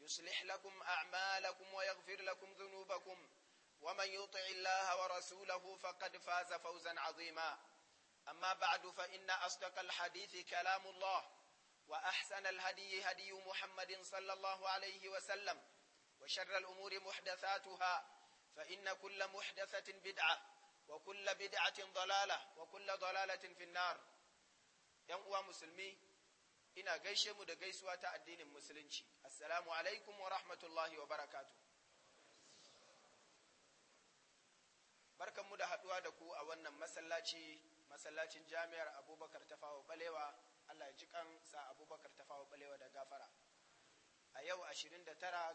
يصلح لكم أعمالكم ويغفر لكم ذنوبكم ومن يطع الله ورسوله فقد فاز فوزا عظيما أما بعد فإن أصدق الحديث كلام الله وأحسن الهدي هدي محمد صلى الله عليه وسلم وشر الأمور محدثاتها فإن كل محدثة بدعة وكل بدعة ضلالة وكل ضلالة في النار ينقوى مسلمين ina gaishe mu da gaisuwa ta addinin musulunci assalamu alaikum wa rahmatullahi wa barakatu barkan mu da haduwa da ku a wannan masallaci masallacin jami'ar abubakar tafawa balewa allah ya ji kan sa abubakar tafawa balewa da gafara a yau 29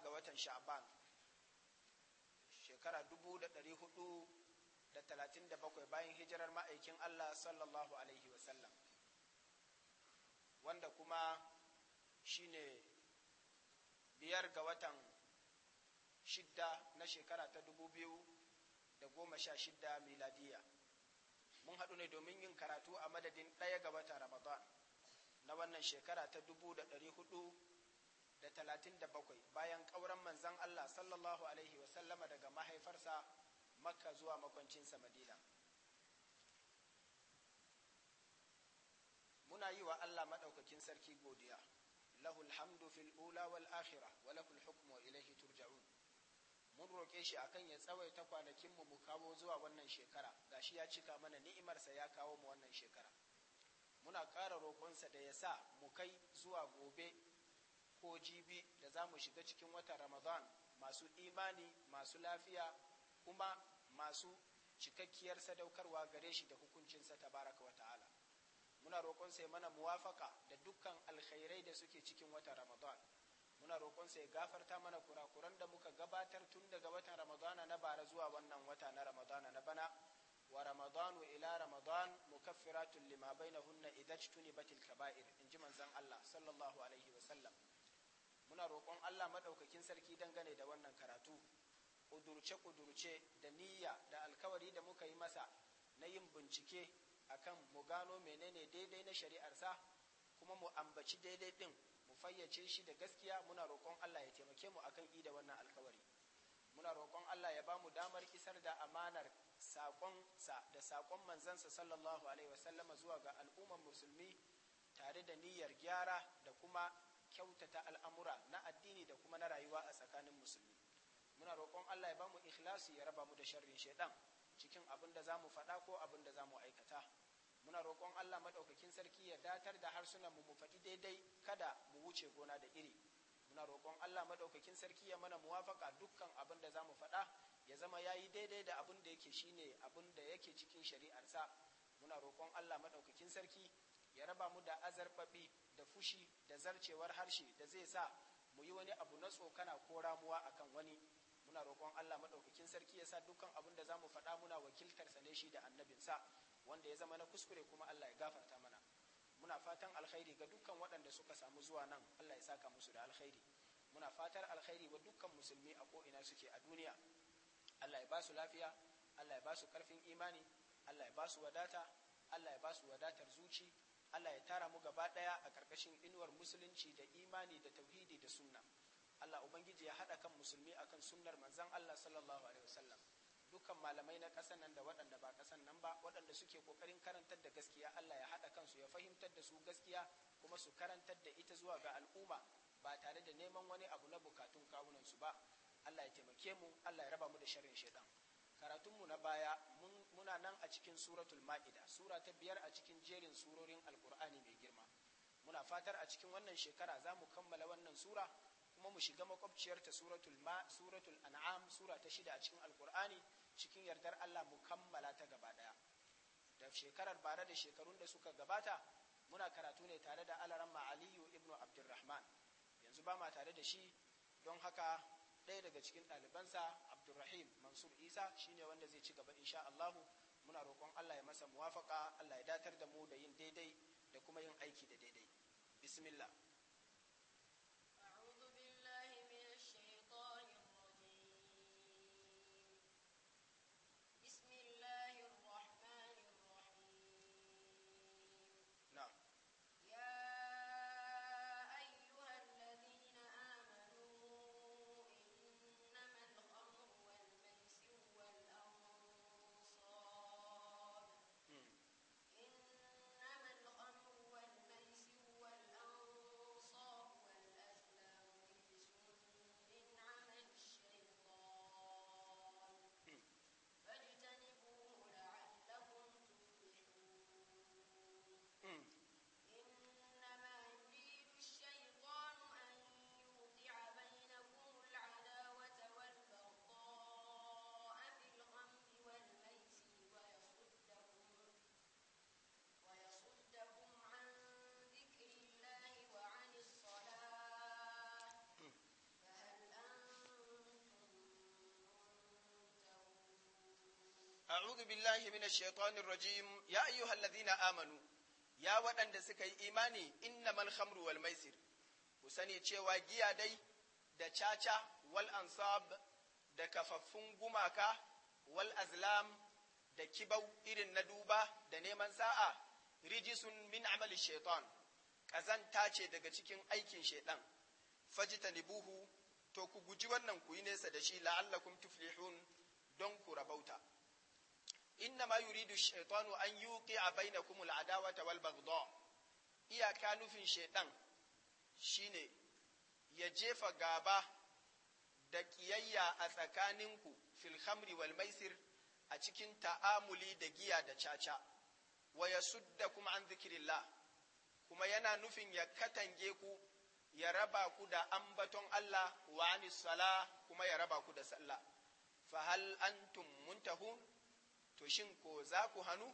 ga watan sha'ban shekara 437 bayan hijirar ma'aikin allah sallallahu alaihi wasallam wanda kuma shine biyar ga watan shidda na shekara ta dubu biyu da goma sha shidda miladiya mun haɗu ne domin yin karatu a madadin ɗaya ga watan ramadan na wannan shekara ta dubu da ɗari hudu da talatin da bakwai bayan ƙauran manzan allah sallallahu alaihi wasallama daga mahaifarsa makka zuwa makwancinsa madina muna yi wa Allah maɗaukakin sarki godiya lahul hamdu fil ula wal akhirah wa lahul hukmu wa ilayhi turja'un mun roke shi akan ya tsawaita kwanakin mu mu kawo zuwa wannan shekara gashi ya cika mana ni'imarsa ya kawo mu wannan shekara muna ƙara roƙonsa da ya sa mu kai zuwa gobe ko jibi da za mu shiga cikin watan ramadan masu imani masu lafiya kuma masu cikakkiyar sadaukarwa gare shi da hukuncinsa tabaraka wa ta'ala muna roƙon sai mana muwafaka da dukkan alkhairai da suke cikin watan ramadan muna roƙon sai gafarta mana kurakuran da muka gabatar tun daga watan ramadana na bara zuwa wannan wata na ramadana na bana wa ramadanu ila ramadan mukaffiratun lima bainahunna idajtuni batil kaba'ir in ji manzon Allah sallallahu alaihi wa sallam muna roƙon Allah madaukakin sarki dangane da wannan karatu kudurce kudurce da niyya da alkawari da muka yi masa na yin bincike akan mu gano menene daidai na shari'arsa kuma mu ambaci daidai din mu fayyace shi da gaskiya muna roƙon Allah ya taimake mu akan ida wannan alkawari muna roƙon Allah ya bamu damar isar da amanar saƙon sa da saƙon manzansa sallallahu alaihi wasallama zuwa ga al'ummar musulmi tare da niyyar gyara da kuma kyautata al'amura na addini da kuma na rayuwa a tsakanin musulmi muna roƙon Allah ya bamu ikhlasi ya raba mu da sharrin shaidan cikin abin da za mu faɗa ko abin da za mu aikata muna roƙon Allah madaukakin sarki ya datar da harsunan mu mu faɗi daidai kada mu wuce gona da iri muna roƙon Allah madaukakin sarki ya mana muwafaka dukkan abin da zamu faɗa ya zama yayi daidai da abin da yake shine abin da yake cikin shari'ar sa muna roƙon Allah madaukakin sarki ya raba mu da azarbabi da fushi da zarcewar harshe da zai sa mu yi wani abu na tsokana ko ramuwa akan wani muna roƙon Allah madaukakin sarki ya sa dukkan abin da zamu faɗa muna wakiltar sa ne shi da annabinsa wanda ya zama na kuskure kuma Allah ya gafarta mana muna fatan alkhairi ga dukkan waɗanda suka samu zuwa nan Allah ya saka musu da alkhairi muna fatar alkhairi wa dukkan musulmi a ko ina suke a duniya Allah ya ba su lafiya Allah ya ba su karfin imani Allah ya ba su wadata Allah ya ba su wadatar zuci Allah ya tara mu gaba ɗaya a ƙarƙashin inuwar musulunci da imani da tauhidi da sunna Allah ubangiji ya haɗa kan musulmi akan sunnar manzon Allah sallallahu alaihi wasallam dukkan malamai na ƙasan nan da waɗanda ba ƙasan nan ba waɗanda suke ƙoƙarin karantar da gaskiya Allah ya haɗa kansu ya fahimtar da su gaskiya kuma su karantar da ita zuwa ga al'umma ba tare da neman wani abu na bukatun kawunansu ba Allah ya taimake mu Allah ya raba mu da sharrin shaidan karatunmu na baya muna nan a cikin suratul ma'ida sura ta biyar a cikin jerin surorin alkur'ani mai girma muna fatar a cikin wannan shekara za mu kammala wannan sura kuma mu shiga makwabciyarta suratul ma suratul an'am sura ta shida a cikin alkur'ani cikin yardar Allah mu kammala ta gaba ɗaya da shekarar bara da shekarun da suka gabata muna karatu ne tare da alaramma aliyu ibnu abdurrahman yanzu ba ma tare da shi don haka ɗaya daga cikin ɗalibansa abdurrahim mansur isa shine wanda zai ci gaba insha allahu muna roƙon allah ya masa muwafaka allah ya datar da mu da yin daidai da kuma yin aiki da daidai bismillah أعوذ بالله من الشيطان الرجيم يا أيها الذين آمنوا يا ودن da suka yi imani innamal khamru wal maisir ku sani cewa giya dai da caca wal ansab da kafaffun gumaka wal azlam da kibau irin na duba da neman sa'a rijisun min amali shaitan kazanta ce daga cikin aikin shaiɗan shaitan fajtanibuhu to ku guji wannan ku yi nesa da shi la'allakun tuflihun don ku rabauta inna ma yuridu shaytanu an yuqi a bainakumul adawata wal baghdha iyaka nufin shaitan shine ya jefa gaba da kiyayya a tsakaninku fil khamri wal maisir a cikin ta'amuli da giya da caca wa kuma an dhikrillah kuma yana nufin ya katange ku ya raba ku da ambaton Allah wa anis sala kuma ya raba ku da sallah fa hal antum muntahun to shin ko za ku hannu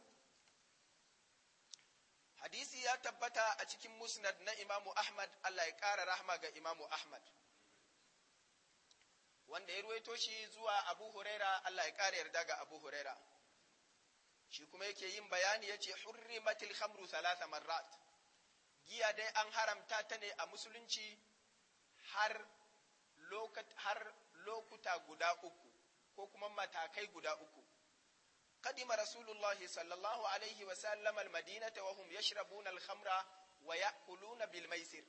hadisi ya tabbata a cikin musnad na imamu ahmad allah ya ƙara rahma ga imamu ahmad wanda ya ruwaito shi zuwa abu huraira allah ya ƙara yarda ga abu huraira shi kuma yake yin bayani ya ce matil khamru salasa marrat giya dai an haramta ta ne a musulunci har lokuta guda uku ko kuma matakai guda uku قدم رسول الله صلى الله عليه وسلم المدينة وهم يشربون الخمر ويأكلون بالميسر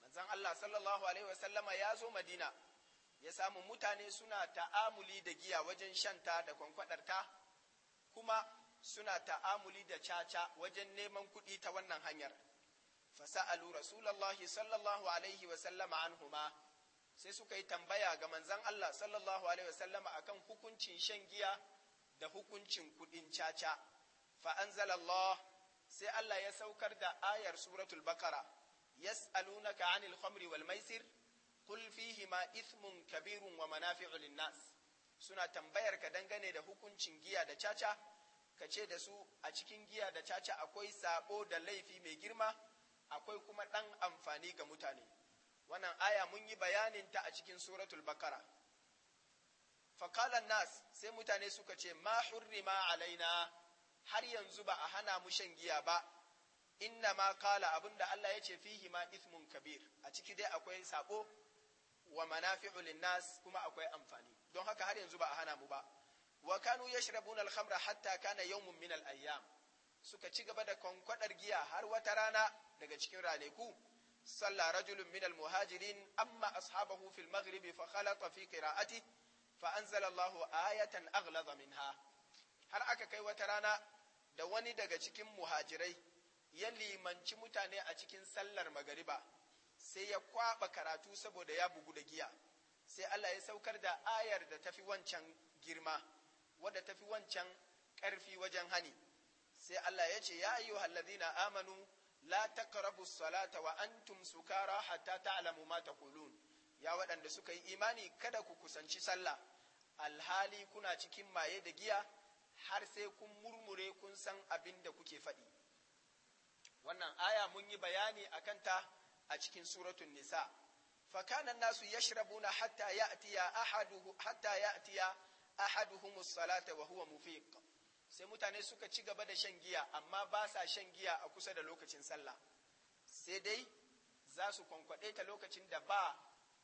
manzon Allah sallallahu alaihi wasallama ya zo Madina ya samu mutane suna ta'amuli da giya wajen ta da ta, kuma suna ta'amuli da caca wajen neman kuɗi ta wannan hanyar fasa'alu rasulullahi sallallahu alaihi wasallama anhuma sai suka yi tambaya ga manzan Allah sallallahu alaihi akan hukuncin shan giya da hukuncin kuɗin caca fa anzalallah sai Allah ya saukar da ayar suratul bakara yas'alunaka 'anil khamri wal maisir qul fihima ithmun kabirun wa manafi'u nas suna tambayar ka dangane da hukuncin giya da caca ka ce da su a cikin giya da caca akwai sabo da laifi mai girma akwai kuma ɗan amfani ga mutane wannan aya mun yi bayaninta a cikin suratul bakara fakalan nas sai mutane suka ce ma hurrima alaina har yanzu ba a hana mu shan giya ba inna ma kala abinda Allah ya ce fihi ma ismun kabir a ciki dai akwai sako wa manafi'u nas kuma akwai amfani don haka har yanzu ba a hana mu ba wa kanu yashrabuna al-khamra hatta kana yawmun min al-ayyam suka ci gaba da kwankwadar giya har wata rana daga cikin ranaku salla rajulun min muhajirin amma ashabahu fil maghribi fa khalata fi qira'atihi fa anzalallahu ayatan aghlaza minha har aka kai wata rana da wani daga cikin muhajirai ya limanci mutane a cikin sallar magariba sai ya kwaba karatu saboda ya bugu da giya sai Allah ya saukar da ayar da tafi wancan girma wadda tafi wancan ƙarfi wajen hani sai Allah ya ce ya ayyuhal ladina amanu la taqrabu salata wa antum sukara hatta ta'lamu ma taqulun ya waɗanda suka yi imani kada ku kusanci sallah alhali kuna cikin maye da giya har sai kun murmure kun san abin da kuke faɗi wannan aya mun yi bayani a kanta a cikin suratun nisa fakana nasu ya yashrabuna hatta ya'tiya ahaduhu hatta ya'tiya ahaduhum salata wa huwa mufiq sai mutane suka ci gaba da shan giya amma ba sa shan giya a kusa da lokacin sallah sai dai za su kwankwaɗe ta lokacin da ba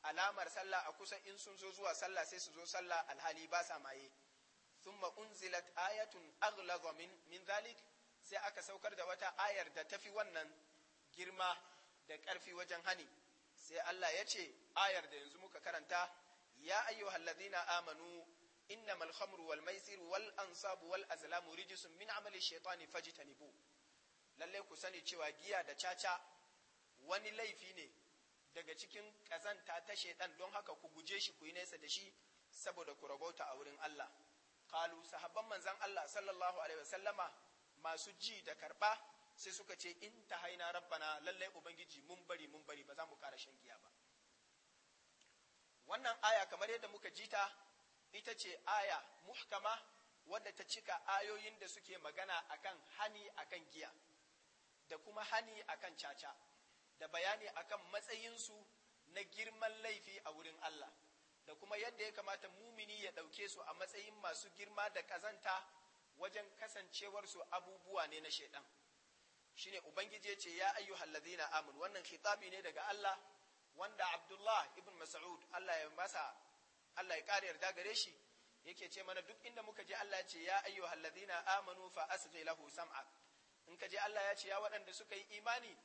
alamar sallah a kusa in sun zo zuwa sallah sai su zo sallah alhali ba sa maye thumma unzilat ayatun aghlaq min min zalik sai aka saukar da wata ayar da tafi wannan girma da ƙarfi wajen hani sai Allah ya ce ayar da yanzu muka karanta ya ayyuhallazina amanu innamal khamru wal maisir wal ansabu wal azlamu rijsun min amali shaytani fajtanibu lalle ku sani cewa giya da caca wani laifi ne daga cikin ƙazanta ta shaiɗan don haka ku guje shi ku yi nesa da shi saboda ku ragauta a wurin Allah Kalu sahabban manzan Allah sallallahu alaihi wasallama masu ji da karɓa sai suka ce in ta haina rabbana lallai ubangiji mun bari mun bari ba za mu kara shan giya ba wannan aya kamar yadda muka ji ta ita ce aya muhkama wadda ta cika ayoyin da suke magana akan hani akan giya da kuma hani akan caca da bayani akan matsayinsu na girman laifi a wurin Allah da kuma yadda ya kamata mumini ya ɗauke su a matsayin masu girma da ƙazanta wajen kasancewarsu abubuwa ne na shaidan shine ubangiji ya ce ya ayyu ladina amun wannan khitabi ne daga Allah wanda Abdullah ibn Mas'ud Allah ya masa Allah ya ƙara yarda gare shi yake ce mana duk inda muka je Allah ya ce ya ayyu ladina amanu fa asghi lahu sam'ak in ka je Allah ya ce ya waɗanda suka yi imani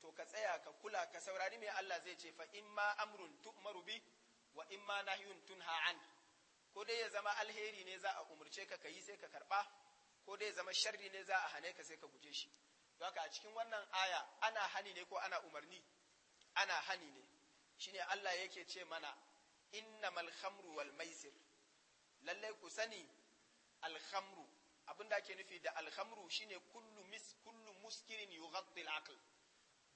to ka tsaya ka kula ka saurari mai Allah zai ce fa imma amrun tu'maru bi wa imma nahyun tunha an ko dai ya zama alheri ne za a umurce ka kayi sai ka karba ko dai ya zama sharri ne za a hane ka sai ka guje shi haka a cikin wannan aya ana hani ne ko ana umarni ana hani ne shine Allah yake ce mana innamal khamru wal maisir lallai ku sani alhamru abin da ake nufi da alhamru shine kullu mis kullu muskirin yughatti al-aql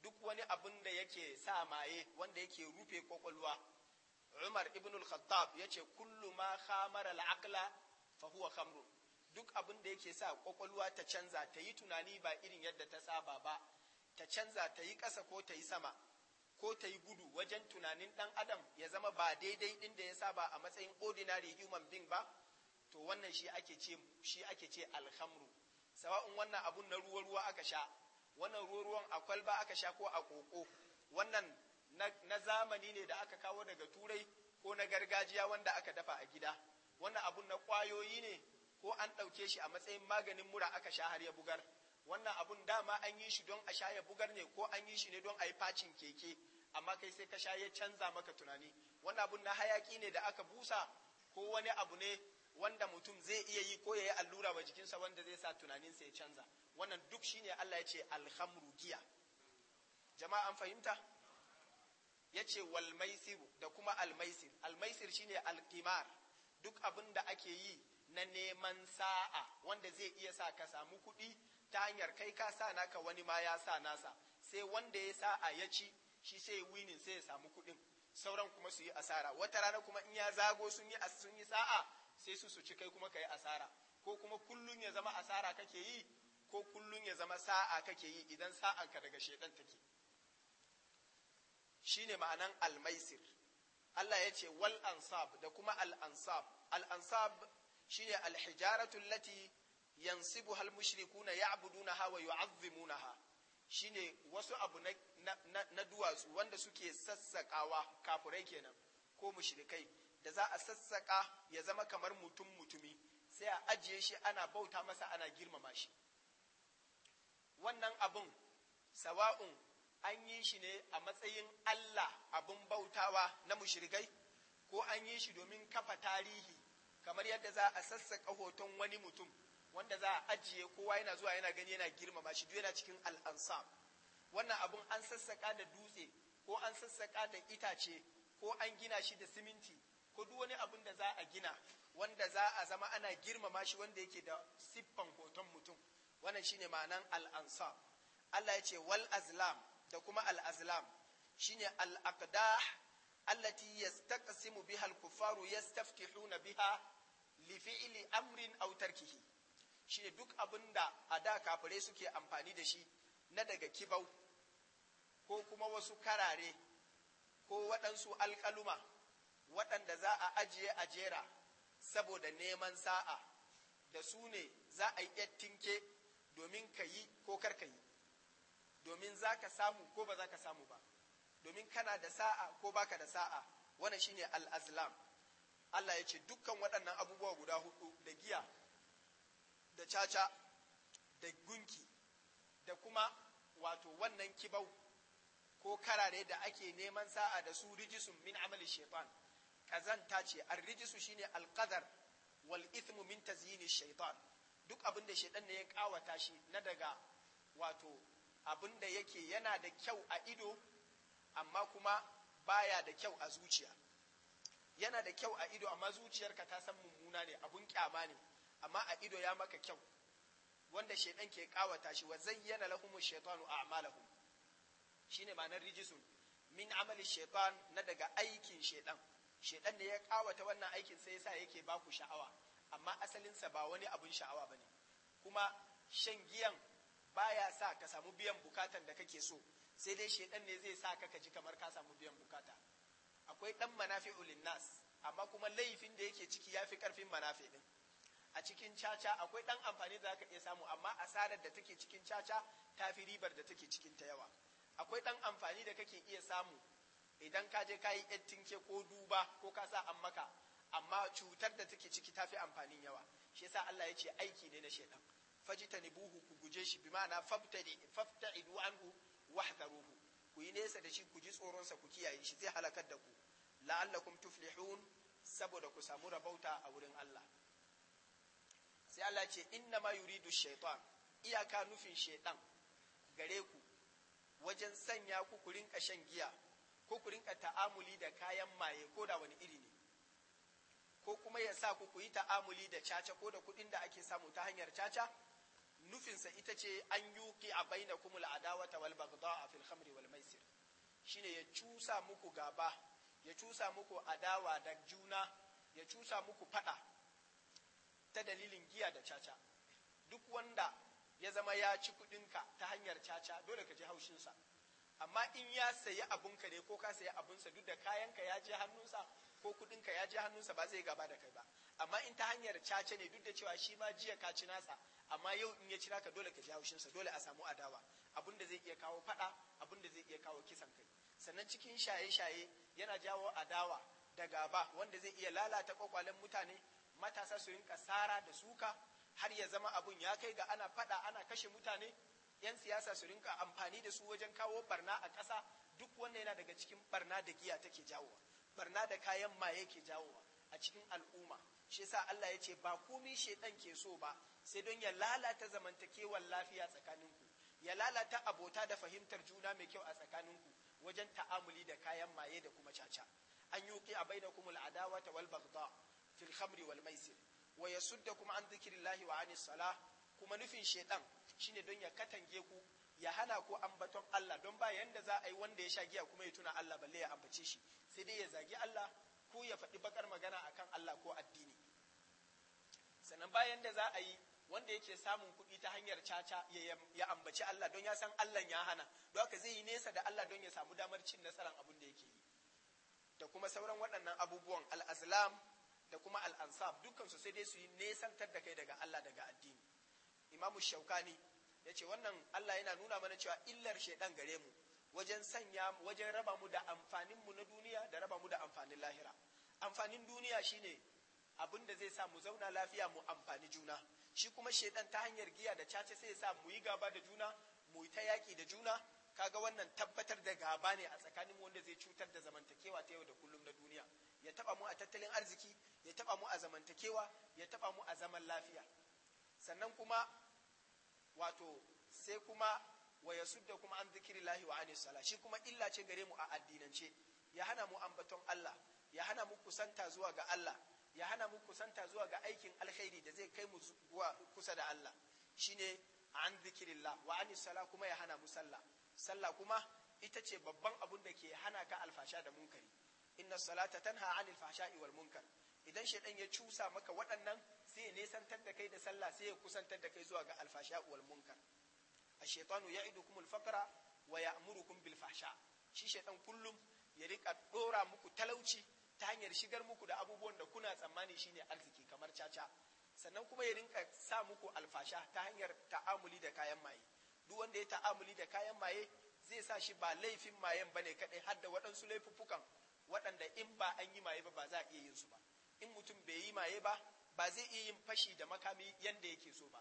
duk wani abin da yake sa maye wanda yake rufe kwakwalwa Umar ibn al-Khattab yace kullu ma khamara al-aqla fa huwa khamrun duk abin da yake sa kwakwalwa ta canza ta yi tunani ba irin yadda ta saba ba ta canza ta yi ƙasa ko ta yi sama ko ta yi gudu wajen tunanin ɗan adam ya zama ba daidai ɗin da ya saba a matsayin ordinary human being ba to wannan shi ake ce shi ake ce alhamru sawa'un wannan abun na ruwa ruwa aka sha wannan ruwan a kwalba aka sha ko a koko wannan na zamani ne da aka kawo daga turai ko na gargajiya wanda aka dafa a gida wannan abun na kwayoyi ne ko an ɗauke shi a matsayin maganin mura aka sha har ya bugar wannan abun dama an yi shi don a sha ya bugar ne ko an yi shi ne don a yi facin keke amma kai sai ka sha ya canza maka tunani wannan abun na hayaki ne da aka busa ko wani abu ne wanda mutum zai iya yi ko ya yi allura wa jikinsa wanda zai sa tunaninsa ya canza wannan duk shine Allah ya ce alhamru giya jama'a an fahimta ya ce walmaisir da kuma almaisir almaisir shine alkimar duk abin da ake yi na neman sa'a wanda zai iya sa ka samu kuɗi ta hanyar kai ka sa naka wani ma ya sa nasa sai wanda ya sa'a ya ci shi sai ya winin sai ya samu kuɗin sauran kuma su yi asara wata rana kuma in ya zago sun yi sun yi sa'a sai su su ci kai kuma ka yi asara ko kuma kullum ya zama asara kake yi ko kullum ya zama sa'a kake yi idan sa'anka daga shaidan take ne ma'anan almaisir Allah ya ce wal ansab da kuma al ansab al ansab shine al hijaratu na ya abudu na ya'budunaha wa Shi shine wasu abu na, na, na duwatsu wanda suke sassakawa kafurai kenan ko mushrikai da za a sassaƙa ya zama kamar mutum mutumi sai a ajiye shi ana bauta masa ana girmama shi wannan abun sawa'un an yi shi ne a matsayin Allah abin bautawa na mushrikai ko an yi shi domin kafa tarihi kamar yadda za a sassaka hoton wani mutum wanda za a ajiye kowa yana zuwa yana gani yana girmama shi duk yana cikin al'ansam wannan abun an sassaka da dutse ko an sassaka da itace ko an gina shi da siminti ko duk wani abun da za a gina wanda za a zama ana girmama shi wanda yake da siffan hoton mutum wannan shine ma'anan al Allah ya ce wal azlam da kuma al azlam shine al aqdah allati yastaqsimu biha al kufaru yastaftihuna biha li fi'li amrin aw tarkihi shine duk abinda a da suke amfani da shi na daga kibau ko kuma wasu karare ko waɗansu alƙaluma waɗanda za a ajiye a jera saboda neman sa'a da su ne za a yi tinke domin ka yi ko kar ka yi domin za ka samu ko ba za ka samu ba domin kana da sa'a ko baka da sa'a wannan shine al-azlam Allah ya ce dukkan waɗannan abubuwa guda hudu da giya da caca da gunki da kuma wato wannan kibau ko karare da ake neman sa'a da su rijisun min amali shaitan ƙazanta ce ar-rijisu shine al-qadar wal ithmu min tazyini shaitan duk abin da shaidan ne ya kawata shi na daga wato abin da yake yana da kyau a ido amma kuma baya da kyau a zuciya yana da kyau a ido amma zuciyarka ta san mummuna ne abun kyama ne amma a ido ya maka kyau wanda shaidan ke kawata shi wa zayyana lahum shaytanu a'malahum shine ma'anar rijisun min amali shaitan na daga aikin shaidan shaidan ne ya kawata wannan aikin sai yasa yake baku sha'awa amma asalinsa ba wani abun sha'awa ba ne kuma shan giyan baya sa ka samu biyan bukatan da kake so sai dai shedan ne zai sa ka ka ji kamar ka samu biyan bukata akwai dan manafi'ul linnas amma kuma laifin da yake ciki yafi karfin manafi din a cikin caca akwai dan amfani da zaka iya samu amma asarar da take cikin caca tafi ribar da take cikin ta yawa akwai dan amfani da kake iya samu idan ka je kayi ettinke ko duba ko ka sa an maka amma cutar da take ciki tafi amfanin yawa shi yasa Allah ya ce aiki ne na shaitan buhu ku guje shi bi ma'ana fabtadi fabta'idu anhu wahdaruhu ku yi nesa da shi ku ji tsoron sa ku kiyaye shi zai halakar da ku la'allakum tuflihun saboda ku samu rabauta a wurin Allah sai Allah ce inna ma yuridu shaitan iyaka nufin shaiɗan gare ku wajen sanya ku ku rinka shan giya ko ku rinka ta'amuli da kayan maye ko da wani iri ne ko kuma ya sa ku yi ta'amuli da caca ko da kuɗin da ake samu ta hanyar caca nufinsa ita ce an yuki a baina kumul adawata wal bagda'a fil khamri wal maisir shine ya cusa muku gaba ya cusa muku adawa da juna ya cusa muku fada ta dalilin giya da caca duk wanda ya zama ya ci kuɗinka ta hanyar caca dole ka ji haushinsa amma in ya sayi abunka ne ko ka sayi abunsa duk da kayanka ya je hannunsa ko kuɗinka ya je hannunsa ba zai gaba da kai ba amma in ta hanyar caca ne duk da cewa shi ma jiya ka ci nasa amma yau in ya cira ka dole ka ji haushinsa dole a samu adawa abin da zai iya kawo faɗa Abun da zai iya kawo kisan kai sannan cikin shaye-shaye yana jawo adawa da gaba wanda zai iya lalata kwakwalen mutane matasa su rinka sara da suka har ya zama abun ya kai ga ana faɗa ana kashe mutane 'yan siyasa su rinka amfani da su wajen kawo barna a ƙasa duk wanda yana daga cikin barna da giya take jawowa barna da kayan ma yake jawowa a cikin al'umma shi yasa Allah ya ce ba komi shedan ke so ba sai don ya lalata zamantakewar lafiya tsakaninku ya lalata abota da fahimtar juna mai kyau a tsakaninku wajen ta'amuli da kayan maye da kuma caca an yi yuqi a bainakumul ta wal baghdha fil khamri wal maisir wa yasuddakum an dhikrillahi wa anis salah kuma nufin shedan shine don ya katange ku ya hana ku ambaton Allah don ba yanda za a yi wanda ya sha giya kuma ya tuna Allah balle ya ambace shi sai dai ya zagi Allah ko ya faɗi bakar magana a kan Allah ko addini sannan bayan da za a yi wanda yake samun kuɗi ta hanyar caca ya ambaci Allah don ya san Allah ya hana don haka zai yi nesa da Allah don ya samu damar cin nasarar abin da yake yi da kuma sauran waɗannan abubuwan al'azlam da kuma al'ansab dukansu sai dai su yi nesantar da kai daga Allah daga addini imamu shaukani ya ce wannan Allah yana nuna mana cewa illar shaidan gare mu wajen sanya wajen raba mu da amfanin mu na duniya da raba mu da amfanin lahira amfanin duniya shine abin da zai sa mu zauna lafiya mu amfani juna shi kuma shedan ta hanyar giya da cace sai ya sa mu yi gaba da juna mu yi ta yaki da juna kaga wannan tabbatar da gaba ne a tsakanin wanda zai cutar da zamantakewa ta yau da kullum na duniya ya taba mu a tattalin arziki ya taba mu a zamantakewa ya taba mu a zaman lafiya sannan kuma wato sai kuma wa sudda kuma an zikirillahi wa anis sala shi kuma illa ce gare mu a addinance ya hana mu ambaton Allah ya hana mu kusanta zuwa ga Allah ya hana mu kusanta zuwa ga aikin alkhairi da zai kai mu kusa da Allah shine an zikirillah wa anis sala kuma ya hana mu sallah sallah kuma ita ce babban abun da ke hana ka alfasha da munkari inna salata tanha anil fahsha'i wal munkar idan shaidan ya cusa maka waɗannan sai ya nesantar da kai da sallah sai ya kusantar da kai zuwa ga alfasha wal munkar ash-shaytanu ya'idukum al-faqra wa ya'murukum bil fahsha shi shaytan kullum ya rika dora muku talauci ta hanyar shigar muku da abubuwan da kuna tsammani shine arziki kamar caca sannan kuma ya rinka sa muku alfasha ta hanyar ta'amuli da kayan maye duk wanda ya ta'amuli da kayan maye zai sa shi ba laifin mayen bane kadai har da waɗansu laifuffukan waɗanda in ba an yi maye ba ba za a iya yin su ba in mutum bai yi maye ba ba zai iya yin fashi da makami yanda yake so ba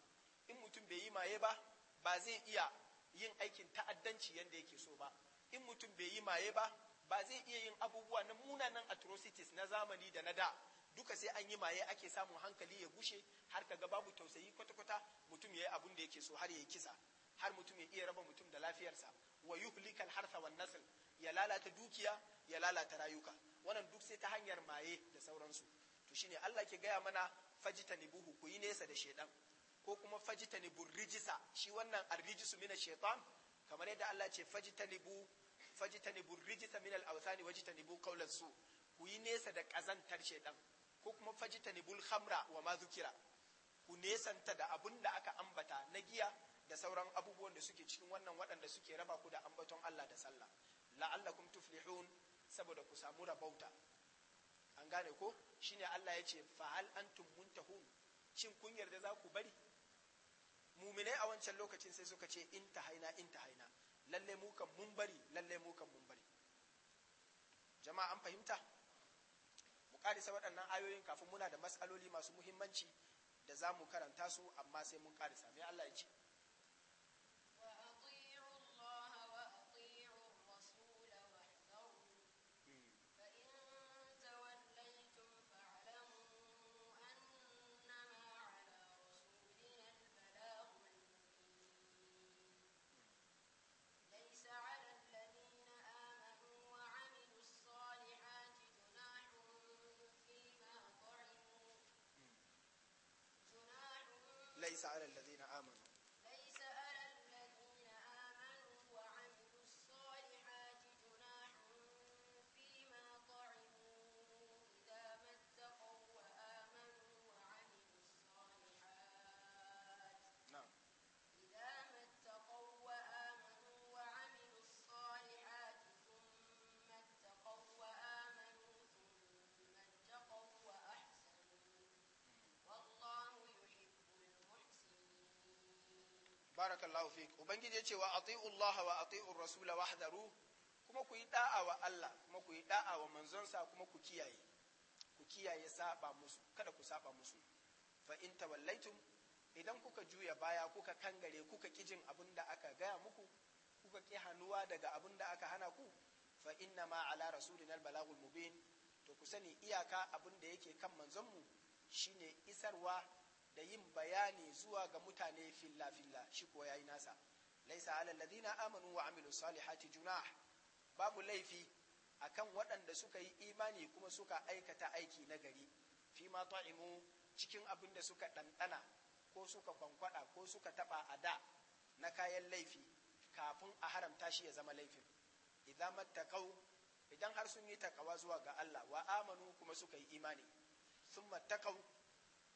in mutum bai yi maye ba ba zai iya yin aikin ta'addanci yadda yake so ba in mutum bai yi maye ba ba zai iya yin abubuwa na munanan atrocities na zamani da na da duka sai an yi maye ake samun hankali ya gushe har ka ga babu tausayi kwata-kwata mutum ya yi abun da yake so har ya yi kisa har mutum ya iya raba mutum da lafiyarsa wa yuhlikal harsa wan nasl ya lalata dukiya ya lalata rayuka wannan duk sai ta hanyar maye da sauransu to shine Allah ke gaya mana nibuhu ku yi nesa da shedan ko kuma bu rijisa shi wannan arrijisu mina ash kamar yadda Allah ce Fajitani bu rijisa min al-awthani bu qawlan su ku yi nesa da kazantar shaiɗan. ko kuma fajtanibul khamra wa ma zukira ku nesanta da abun da aka ambata na giya da sauran abubuwan da suke cikin wannan waɗanda suke raba ku da ambaton Allah da sallah la'allakum tuflihun saboda ku samu rabauta an gane ko shine Allah ya ce fa hal antum muntahun shin kun yarda za ku bari muminai a wancan lokacin sai suka ce in ta haina in ta haina lalle mu kan mun bari lalle mu kan mun bari jama'a an fahimta mu karisa waɗannan ayoyin kafin muna da masaloli masu muhimmanci da za mu karanta su amma sai mun karisa me Allah ya ce ليس على الذين آمنوا barakallahu fik ubangiji ya ce wa ati'u Allah wa ati'u rasul wa hadaru kuma ku ɗa'awa Allah kuma ku yi manzonsa kuma ku kiyaye ku kiyaye saba musu kada ku saba musu fa in tawallaitum idan kuka juya baya kuka kangare kuka kijin abin da aka gaya muku kuka ki hannuwa daga abin da aka hana ku fa inna ma ala rasulina albalagul mubin to ku sani iyaka abun da yake kan manzon mu shine isarwa da yin bayani zuwa ga mutane filla filla shi ko yayi nasa laisa alal ladina amanu wa amilu salihati junah babu laifi akan waɗanda suka yi imani kuma suka aikata aiki na gari fi ma ta'imu cikin abin da suka ɗanɗana ko suka kwankwada ko suka taɓa a da na kayan laifi kafin a haramta shi ya zama laifin idan mattaqau idan har sun yi takawa zuwa ga Allah wa amanu kuma suka yi imani sun mattaqau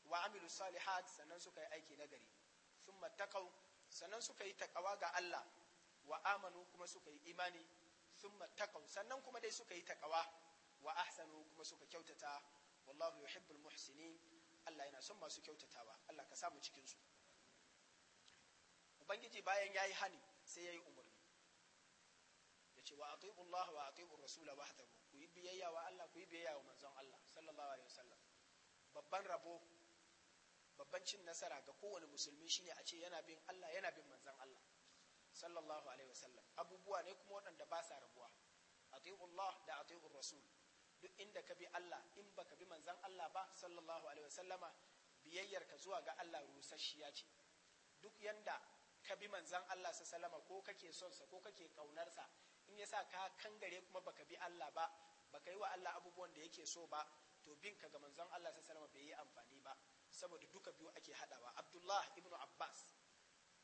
wa amilu salihat sannan suka yi aiki nagari sun mattaqau sannan suka yi takawa ga Allah wa amanu kuma suka yi imani sun mattaqau sannan kuma dai suka yi takawa wa ahsanu kuma suka kyautata wallahu yuhibbul muhsini? Allah yana son masu kyautatawa Allah ka samu cikin su ubangiji bayan yayi hani sai yayi umarni yace wa atiiu Allah wa atiiu rasula wahdahu ku yi biyayya wa Allah ku yi biyayya wa manzon Allah sallallahu alaihi wasallam babban rabo babban cin nasara ga kowane musulmi shine a ce yana bin Allah yana bin manzon Allah sallallahu alaihi wasallam abubuwa ne kuma waɗanda ba sa rabuwa Allah da atiiur rasul duk inda ka bi Allah in baka bi manzon Allah ba sallallahu alaihi wasallama biyayyarka zuwa ga Allah rusasshiya ce duk yanda ka bi manzon Allah sallallahu alaihi ko kake son sa ko kake ƙaunarsa, in yasa ka kangare kuma baka bi Allah ba baka yi wa Allah abubuwan da yake so ba to bin ka ga manzon Allah sallallahu alaihi bai yi amfani ba saboda duka biyu ake haɗawa abdullah ibn abbas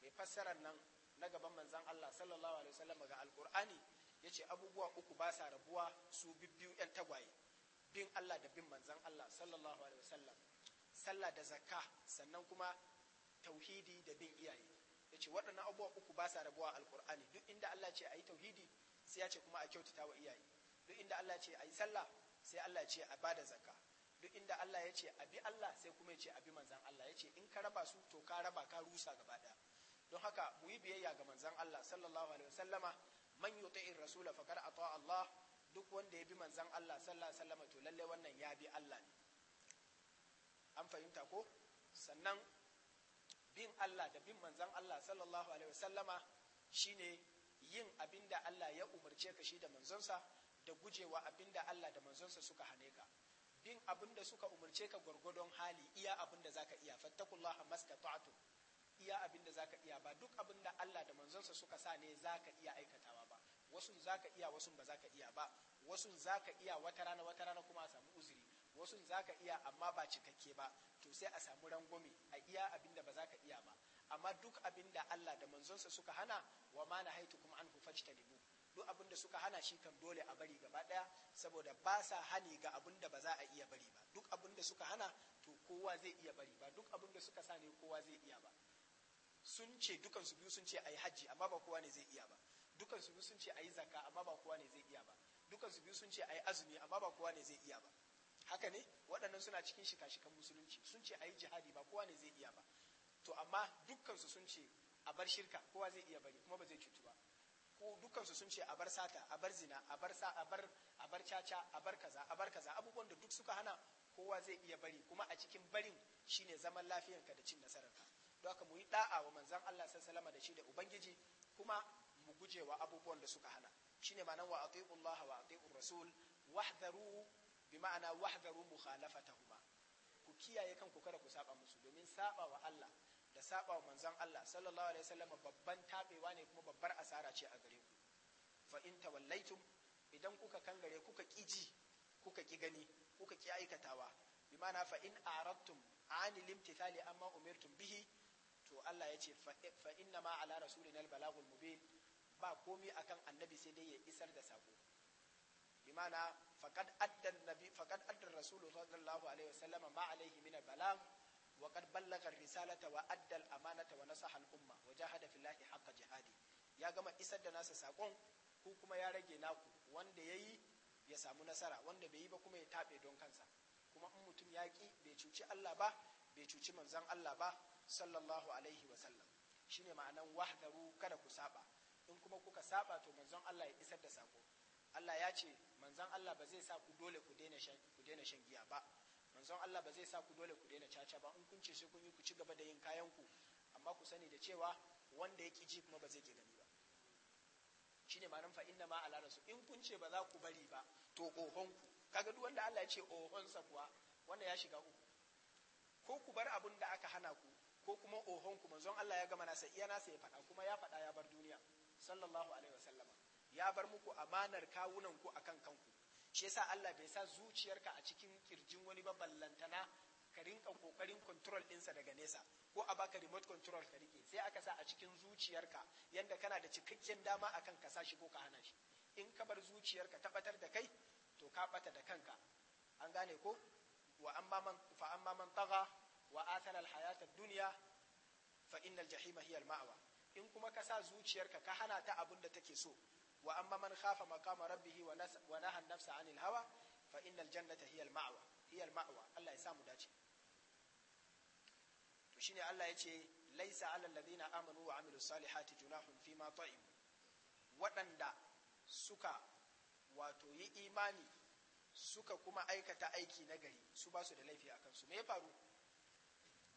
mai fassarar nan na gaban manzan allah sallallahu alaihi wasallam ga alkur'ani ya ce abubuwa uku ba sa rabuwa su bibbiyu yan tagwaye bin allah da bin manzan allah sallallahu alaihi wasallam sallah da zakka sannan kuma tauhidi da bin iyaye ya ce waɗannan abubuwa uku ba sa rabuwa alkur'ani duk inda allah ce a yi tauhidi sai ya ce kuma a kyautata wa iyaye duk inda allah ce a yi sallah sai allah ce a bada zakka duk inda Allah ya ce abi Allah sai kuma ya ce abi manzan Allah ya ce in ka raba su to ka raba ka rusa gaba ɗaya don haka mu yi biyayya ga manzan Allah sallallahu alaihi wasallama man yuti'ir rasul faqad ata Allah duk wanda ya bi manzan Allah sallallahu alaihi wasallama to lalle wannan ya bi Allah ne an fahimta ko sannan bin Allah da bin manzan Allah sallallahu alaihi wasallama shine yin abinda Allah ya umarce ka shi da manzonsa da gujewa abinda Allah da manzonsa suka hane ka bin abin da suka umarce ka gwargwadon hali iya abin da zaka iya fattakullaha mastata'tum iya abin da zaka iya ba duk abin da Allah da manzonsa suka sa ne zaka iya aikatawa ba wasun zaka iya wasun ba zaka iya ba wasun zaka iya wata rana wata rana kuma a samu uzuri wasun zaka iya amma ba cikakke ba to sai a samu rangwame a iya abin da ba zaka iya ba amma duk abin da Allah da manzonsa suka hana wa ma na an anhu fajtanibu duk abin da suka hana shi kan dole a bari gaba daya saboda ba sa hani ga abin da ba za a iya bari ba duk abin da suka hana to kowa zai iya bari ba duk abin da suka sa ne kowa zai iya ba sun ce dukan su biyu sun ce ayi haji amma ba kowa ne zai iya ba dukan su biyu sun ce ayi zakka amma ba kowa ne zai iya ba dukan su biyu sun ce ayi azumi amma ba kowa ne zai iya ba haka ne waɗannan suna cikin shika-shikan musulunci sun ce ayi jihadi ba kowa ne zai iya ba to amma dukkan su sun ce a bar shirka kowa zai iya bari kuma ba zai cutu ba ku dukansu sun ce a bar sata a bar zina a bar sa a bar a bar caca a bar kaza a bar kaza abubuwan da duk suka hana kowa zai iya bari kuma a cikin barin shine zaman lafiyanka da cin nasararka don haka mu yi da'a wa manzon Allah sallallahu da shi da ubangiji kuma mu gujewa abubuwan da suka hana shine ma'anar wa ati'u wa ati'u Rasul wahdharu bi ma'ana wahdharu mukhalafatuhuma ku kiyaye kanku kada ku saba musu domin saba wa Allah da saba wa manzon Allah sallallahu alaihi wasallam babban tabewa ne kuma babbar asara ce a gare ku fa in tawallaitum idan kuka kangare kuka kiji kuka ki gani kuka ki aikatawa bi ma'ana fa in aradtum anil imtithali amma umirtum bihi to Allah ya ce fa inna ma ala rasulina al-balagul mubin ba komi akan annabi sai dai ya isar da sako bi ma'ana faqad adda annabi faqad adda rasulu sallallahu alaihi wasallam ma alaihi min al-balagh وقد بلغ الرسالة وأدى الأمانة ونصح الأمة وجاهد في الله jihadi ya gama isar da nasa ساقون ku kuma ya rage naku wanda ya yi ya samu nasara wanda bai yi ba kuma ya taɓe don kansa kuma in mutum ya ƙi bai cuci Allah ba bai cuci manzon Allah ba sallallahu alaihi wa sallam shine ma'anan wahdaru kada ku saba in kuma kuka saba to manzon Allah ya isar da sako Allah ya ce manzon Allah ba zai sa ku dole ku daina ku daina shan giya ba manzon Allah ba zai sa ku dole ku daina caca ba in kun ce sai kun yi ku ci gaba da yin kayan ku amma ku sani da cewa wanda ya ki ji kuma ba zai ki gani ba shine ma'anar fa inna ma ala rasul in kun ce ba za ku bari ba to ohon ku kaga duk wanda Allah ya ce ohon sa kuwa wanda ya shiga uku ko ku bar abun da aka hana ku ko kuma ohon ku manzon Allah ya gama nasa iya nasa ya faɗa kuma ya faɗa ya bar duniya sallallahu alaihi wasallama ya bar muku amanar kawunan ku akan kanku shi yasa Allah bai sa zuciyarka a cikin kirjin wani ba ballantana ka rinka kokarin control ɗinsa daga nesa ko a baka remote control ka rike sai aka sa a cikin zuciyarka yanda kana da cikakken dama akan ka sa shi ko ka hana shi in ka bar zuciyarka ta batar da kai to ka bata da kanka an gane ko wa amma man fa amma man taga wa athara al hayata dunya fa innal jahima hiya al ma'wa in kuma ka sa zuciyarka ka hana ta abin da take so wa amma man khafa maqama rabbih wa naha nafsa anil hawa fa innal jannata hiya al ma'wa hiya Allah ya samu dace to shine Allah ya ce laisa alal ladina amanu wa amilu salihati junahun fi ma ta'im waɗanda suka wato yi imani suka kuma aikata aiki nagari su basu da laifi a kansu me ya faru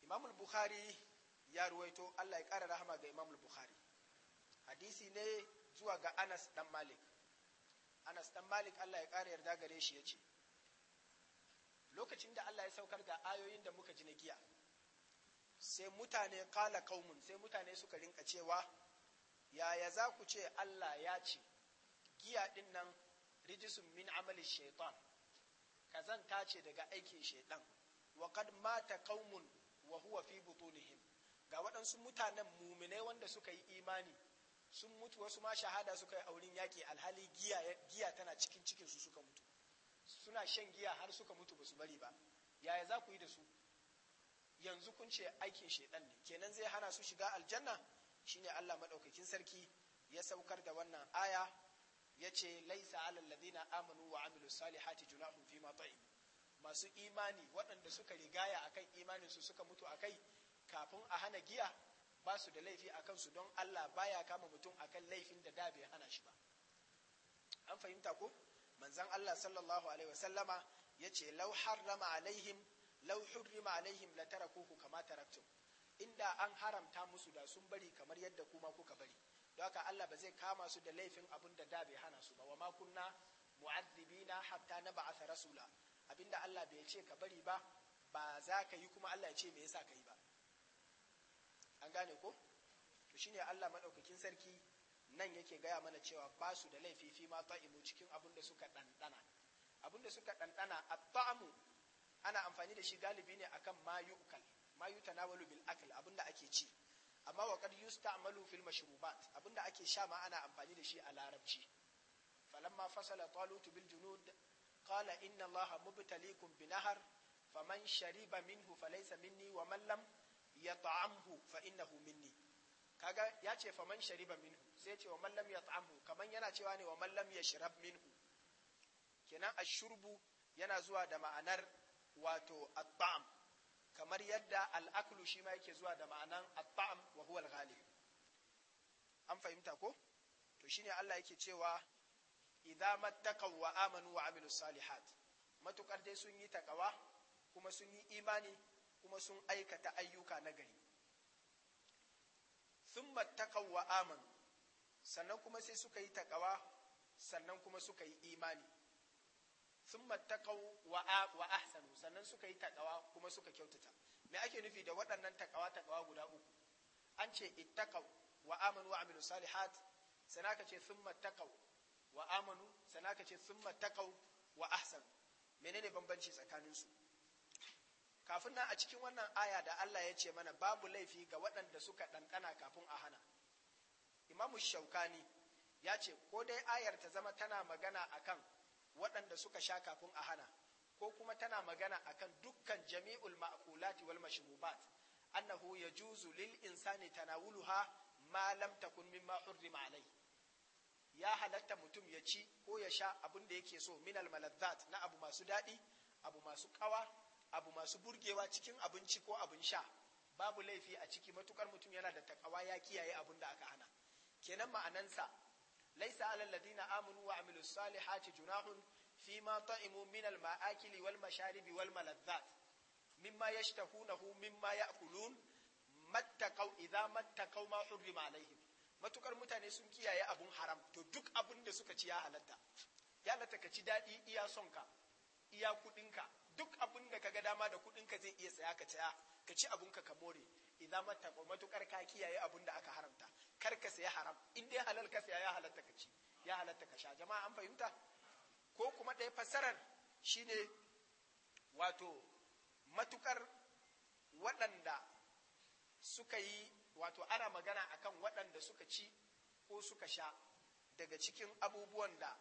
imamul bukhari ya ruwaito Allah ya ƙara rahama ga imamul bukhari hadisi ne zuwa ga Anas dan Malik Anas dan Malik Allah ya ƙara yarda gare shi yace lokacin da Allah ya saukar ga ayoyin da muka ji na giya sai mutane kala kaumun sai mutane suka rinka cewa yaya za ku ce Allah ya ce giya din nan rijisun min amali shaitan kazanta ce daga aikin shaitan wa kad mata kaumun wa huwa fi butunihim ga waɗansu mutanen muminai wanda suka yi imani sun mutu wasu ma shahada suka yi aurin yaƙi alhali giya tana cikin cikin su suka mutu suna shan giya har suka mutu ba su bari ba yaya za ku yi da su yanzu kun ce aikin shaidan ne kenan zai hana su shiga aljanna shine Allah madaukakin sarki ya saukar da wannan aya ya ce laisa alal ladina amanu wa amilu salihati junahum fi ma ta'im masu imani waɗanda suka rigaya akan imanin su suka mutu a kai kafin a hana giya ba su da laifi a kansu don Allah baya kama mutum akan laifin da da bai hana shi ba an fahimta ko manzon Allah sallallahu alaihi wasallama yace lau harrama alaihim lau hurrima alaihim kuku kama taraktum inda an haramta musu da sun bari kamar yadda kuma kuka bari don haka Allah ba zai kama su da laifin abin da da bai hana su ba wa ma na mu'adhibina hatta nab'atha rasula abinda Allah bai ce ka bari ba ba za ka yi kuma Allah ya ce me yasa ka yi ba an gane ko to shine Allah madaukakin sarki nan yake gaya mana cewa ba su da laifi fi ma ta'imu cikin abin da suka ɗanɗana abin da suka dandana a ta'amu ana amfani da shi galibi ne akan ma yu'kal ma yutanawalu bil akl abin da ake ci amma wa qad yusta'malu fil mashrubat abin da ake sha ma ana amfani da shi a larabci falamma fasala talut bil junud qala inna allaha mubtaliikum bi nahar faman shariba minhu falaysa minni wa man lam yat'amhu fa innahu minni kaga ya ce faman shariba minhu sai ya ce wa mallam yat'amhu kaman yana cewa ne wa mallam yashrab minhu kenan ashurbu yana zuwa da ma'anar wato at'am kamar yadda al'aklu shi ma yake zuwa da ma'anan at'am wa huwa al-ghalib an fahimta ko to shine Allah yake cewa idza mattaqaw wa amanu wa amilus salihat matukar dai sun yi takawa kuma sun yi imani kuma sun aikata ayyuka na gari sun wa amanu sannan kuma sai suka yi takawa sannan kuma suka yi imani sun mattaqaw wa ahsanu sannan suka yi takawa kuma suka kyautata me ake nufi da waɗannan takawa takawa guda uku an ce ittaqaw wa amanu wa amilu salihat sana ka ce sun taqaw wa amanu sana ka ce sun taqaw wa ahsanu menene bambanci tsakanin su kafin nan a cikin wannan aya da Allah ya ce mana babu laifi ga waɗanda suka ɗanɗana kafin a hana imamu shaukani ya ce ko dai ayar ta zama tana magana akan waɗanda suka sha kafin a hana ko kuma tana magana akan dukkan jami'ul ma'kulati wal mashrubat annahu yajuzu lil insani tanawuluha ma lam takun mimma hurrima alai ya halatta mutum ya ci ko ya sha abin da yake so minal malazzat na abu masu daɗi abu masu kawa abu masu burgewa cikin abinci ko abin sha babu laifi a ciki matukar mutum yana da takawa ya kiyaye abin da aka hana kenan ma'anansa laisa alal ladina amanu wa amilu salihati junahun fi ma ta'imu min al ma'akili wal masharibi wal maladdat mimma yashtahunahu mimma ya'kulun mattaqaw idza mattaqaw ma hurrima alaihim matukar mutane sun kiyaye abun haram to duk abun da suka ci ya halatta ya halatta ka ci daɗi iya sonka iya kuɗinka duk abin da kaga dama da kuɗin ka zai iya tsaya ka tsaya ka ci abin ka ka more idan mata matukar ka kiyaye abin da aka haramta kar ka saya haram in dai halal ka saya ya halatta ka ci ya halatta ka sha jama'a an fahimta ko kuma ɗaya fassarar shine wato matukar waɗanda suka yi wato ana magana akan waɗanda suka ci ko suka sha daga cikin abubuwan da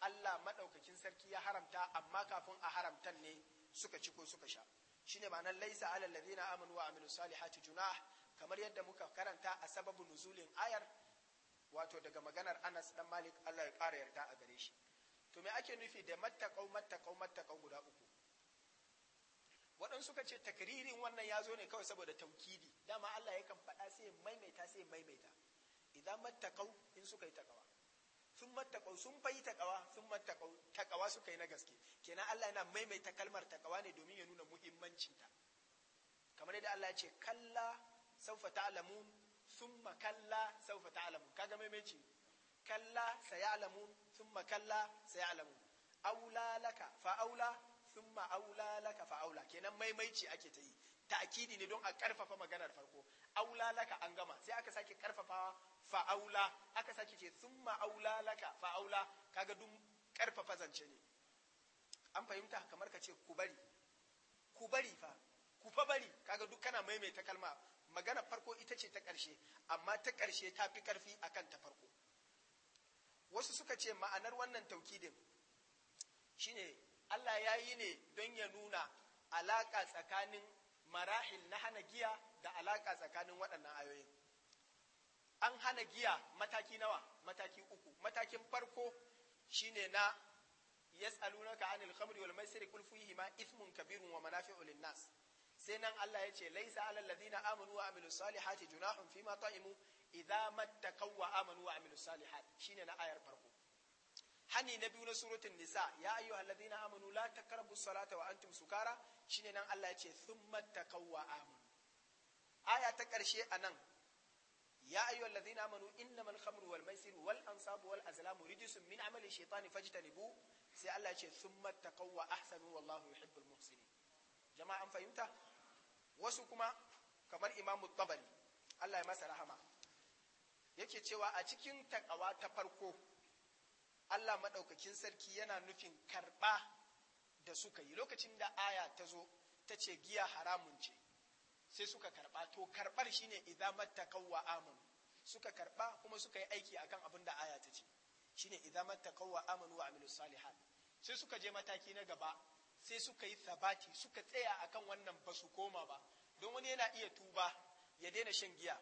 Allah maɗaukakin sarki ya haramta amma kafin a haramtan ne suka ci ko suka sha shine ma'anar laisa alal ladina amanu wa amilus salihati junah kamar yadda muka karanta a sababu nuzulin ayar wato daga maganar Anas dan Malik Allah ya ƙara yarda a gare shi to me ake nufi da mattaqau mattaqau mattaqau guda uku waɗansu suka ce takririn wannan ya zo ne kawai saboda taukidi dama Allah yakan faɗa sai maimaita sai maimaita idan mattaqau in suka yi takawa sun mattaƙau sun fayi taƙawa sun mattaƙau taƙawa suka yi na gaske kenan Allah yana maimaita kalmar taƙawa ne domin ya nuna muhimmancinta kamar yadda Allah ya ce kalla saufa ta'lamun summa kalla saufa ta'lamun kaga maimaici kalla sayalamu summa kalla sayalamun aula laka fa aula summa aula laka fa aula kenan maimaici ake ta yi ta'kidi ne don a ƙarfafa maganar farko aula laka an gama sai aka sake karfafawa fa'aula aka sake ce summa aula laka fa'aula kaga dun karfafa zance ne an fahimta kamar ka ce ku bari ku bari fa ku fa bari kaga duk kana maimaita kalma magana farko ita ce ta ƙarshe amma ta ƙarshe ta fi ƙarfi akan ta farko wasu suka ce ma'anar wannan taukidin shine Allah ya yi ne don ya nuna alaƙa tsakanin marahil na hana giya da alaka tsakanin waɗannan ayoyin an hana giya mataki nawa mataki uku matakin farko shine na yas'alunaka anil khamri wal maisiri qul fihi ma ithmun kabirun wa manafi'u lin nas sai nan Allah ya ce laisa alal ladina amanu wa amilus salihati junahun fima ta'imu idza mattaqaw wa amanu wa amilus salihat shine na ayar farko hani na biyu na suratul nisa ya ayyuhal ladina amanu la taqrabu salata wa antum sukara shine nan Allah ya ce thumma taqaw wa amanu aya ta ƙarshe a nan ya ayyu allazina amanu innamal khamru wal maisir wal ansabu wal azlamu rijsun min amali shaytani fajtanibu sai Allah ya ce summa mata wa ahsanu wallahu yuhibbul muhsinin jama'a an fahimta wasu kuma kamar imamu tabari Allah ya masa rahama yake cewa a cikin takawa ta farko Allah maɗaukakin sarki yana nufin karɓa da suka yi lokacin da aya tazo zo ta ce giya haramun ce sai suka karba to karbar shine idza mattaqaw wa amanu suka karba kuma suka yi aiki akan abin da aya ta ce shine idza mattaqaw wa amanu wa amilus salihat sai suka je mataki na gaba sai suka yi sabati suka tsaya akan wannan ba su koma ba don wani yana iya tuba ya daina shan giya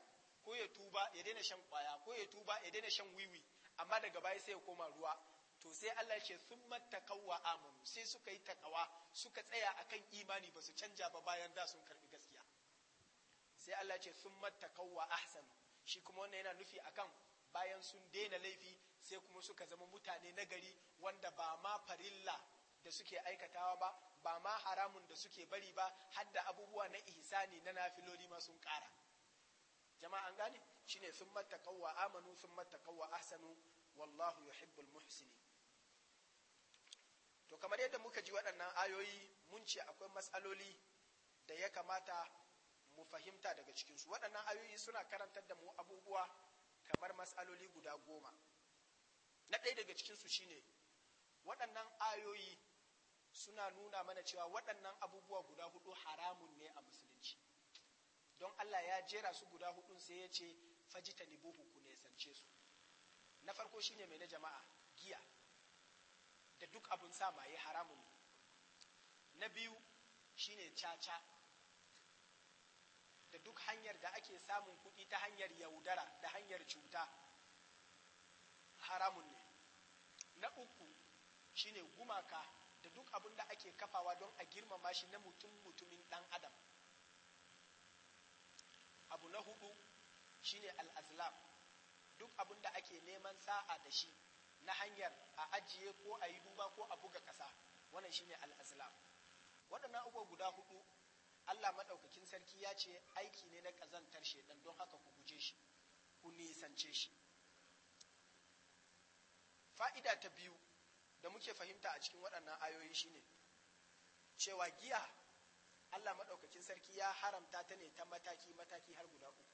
ko ya tuba ya daina shan kwaya ko ya tuba ya daina shan wiwi amma daga baya sai ya koma ruwa to sai Allah ya ce summa takawwa amanu sai suka yi takawa suka tsaya akan imani ba su canja ba bayan da sun karbi sai Allah ce sun a ahsanu shi kuma wannan yana nufi akan bayan sun daina laifi sai kuma suka zama mutane nagari wanda ba ma farilla da suke aikatawa ba ba ma haramun da suke bari ba har da abubuwa na ihsani na nafiloli ma sun kara. jama'a an gane shine sun a amanu sun a ahsanu wallahu yuhibbul muhsinin to kamar yadda muka ji waɗannan ayoyi mun ce akwai matsaloli da ya kamata mu fahimta daga cikinsu waɗannan ayoyi suna karantar da mu abubuwa kamar matsaloli guda goma na ɗaya daga cikinsu shine waɗannan ayoyi suna nuna mana cewa waɗannan abubuwa guda hudu haramun ne a musulunci don Allah ya jera su guda hudun sai ya ce fajita buhu ku nesance su na farko shine mai na jama'a giya da duk abun sa maye haramun na biyu shine caca da duk hanyar da ake samun kuɗi ta hanyar yaudara da hanyar cuta haramun ne na uku shine gumaka da duk abin da ake kafawa don a girmama shi na mutum mutumin ɗan adam abu na hudu shine al'azlam duk abin da ake neman sa'a da shi na hanyar a ajiye ko a yi duba ko a buga ƙasa wannan shine al'azlam waɗannan abubuwa guda hudu Allah maɗaukakin sarki ya ce aiki ne na ƙazantar shaidan don haka ku guje shi ku nisance shi fa'ida ta biyu da muke fahimta a cikin waɗannan ayoyi shine cewa giya Allah maɗaukakin sarki ya haramta ta ne ta mataki-mataki har guda uku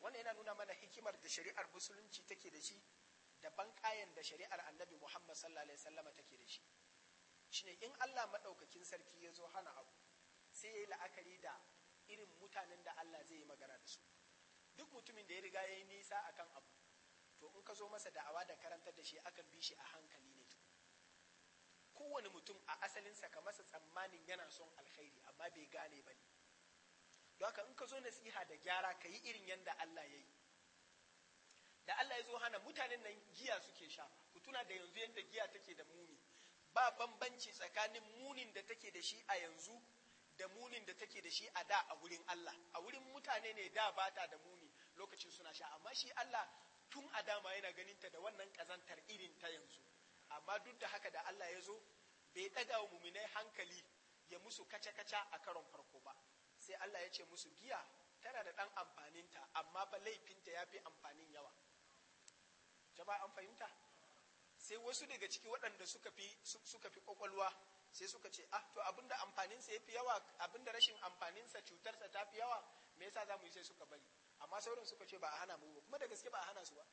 wannan yana nuna mana hikimar da shari'ar musulunci take da shi da bankayan da shari'ar annabi muhammad sallallahu alaihi wasallama take da shi shine in Allah maɗaukakin sarki ya zo hana abu sai ya yi la'akari da irin mutanen da Allah zai yi magana da su duk mutumin da ya riga ya yi nisa a kan abu to in ka zo masa da'awa da karantar da shi akan bi shi a hankali ne kowane mutum a asalinsa ka masa tsammanin yana son alkhairi amma bai gane ba ne don haka in ka zo nasiha da gyara ka yi irin yadda Allah ya yi da Allah ya zo hana mutanen nan giya suke sha ku tuna da yanzu yadda giya take da muni ba bambanci tsakanin munin da take da shi a yanzu da munin da take da shi a da a wurin Allah a wurin mutane ne da ba ta da muni lokacin suna sha amma shi Allah tun a dama yana ganin ta da wannan kazantar irin ta yanzu amma duk da haka da Allah ya zo bai ɗaga wa muminai hankali ya musu kaca-kaca a karon farko ba sai Allah ya ce musu giya tana da ɗan amfaninta amma ba laifinta ya fi amfanin yawa jama'a an fahimta sai wasu daga ciki waɗanda suka fi suka fi ƙwaƙwalwa sai suka ce ah to abinda amfaninsa ya fi yawa abinda rashin amfaninsa cutarsa ta fi yawa me yasa za mu yi sai suka bari amma sauran suka ce ba a hana mu ba kuma da gaske ba a hana su ba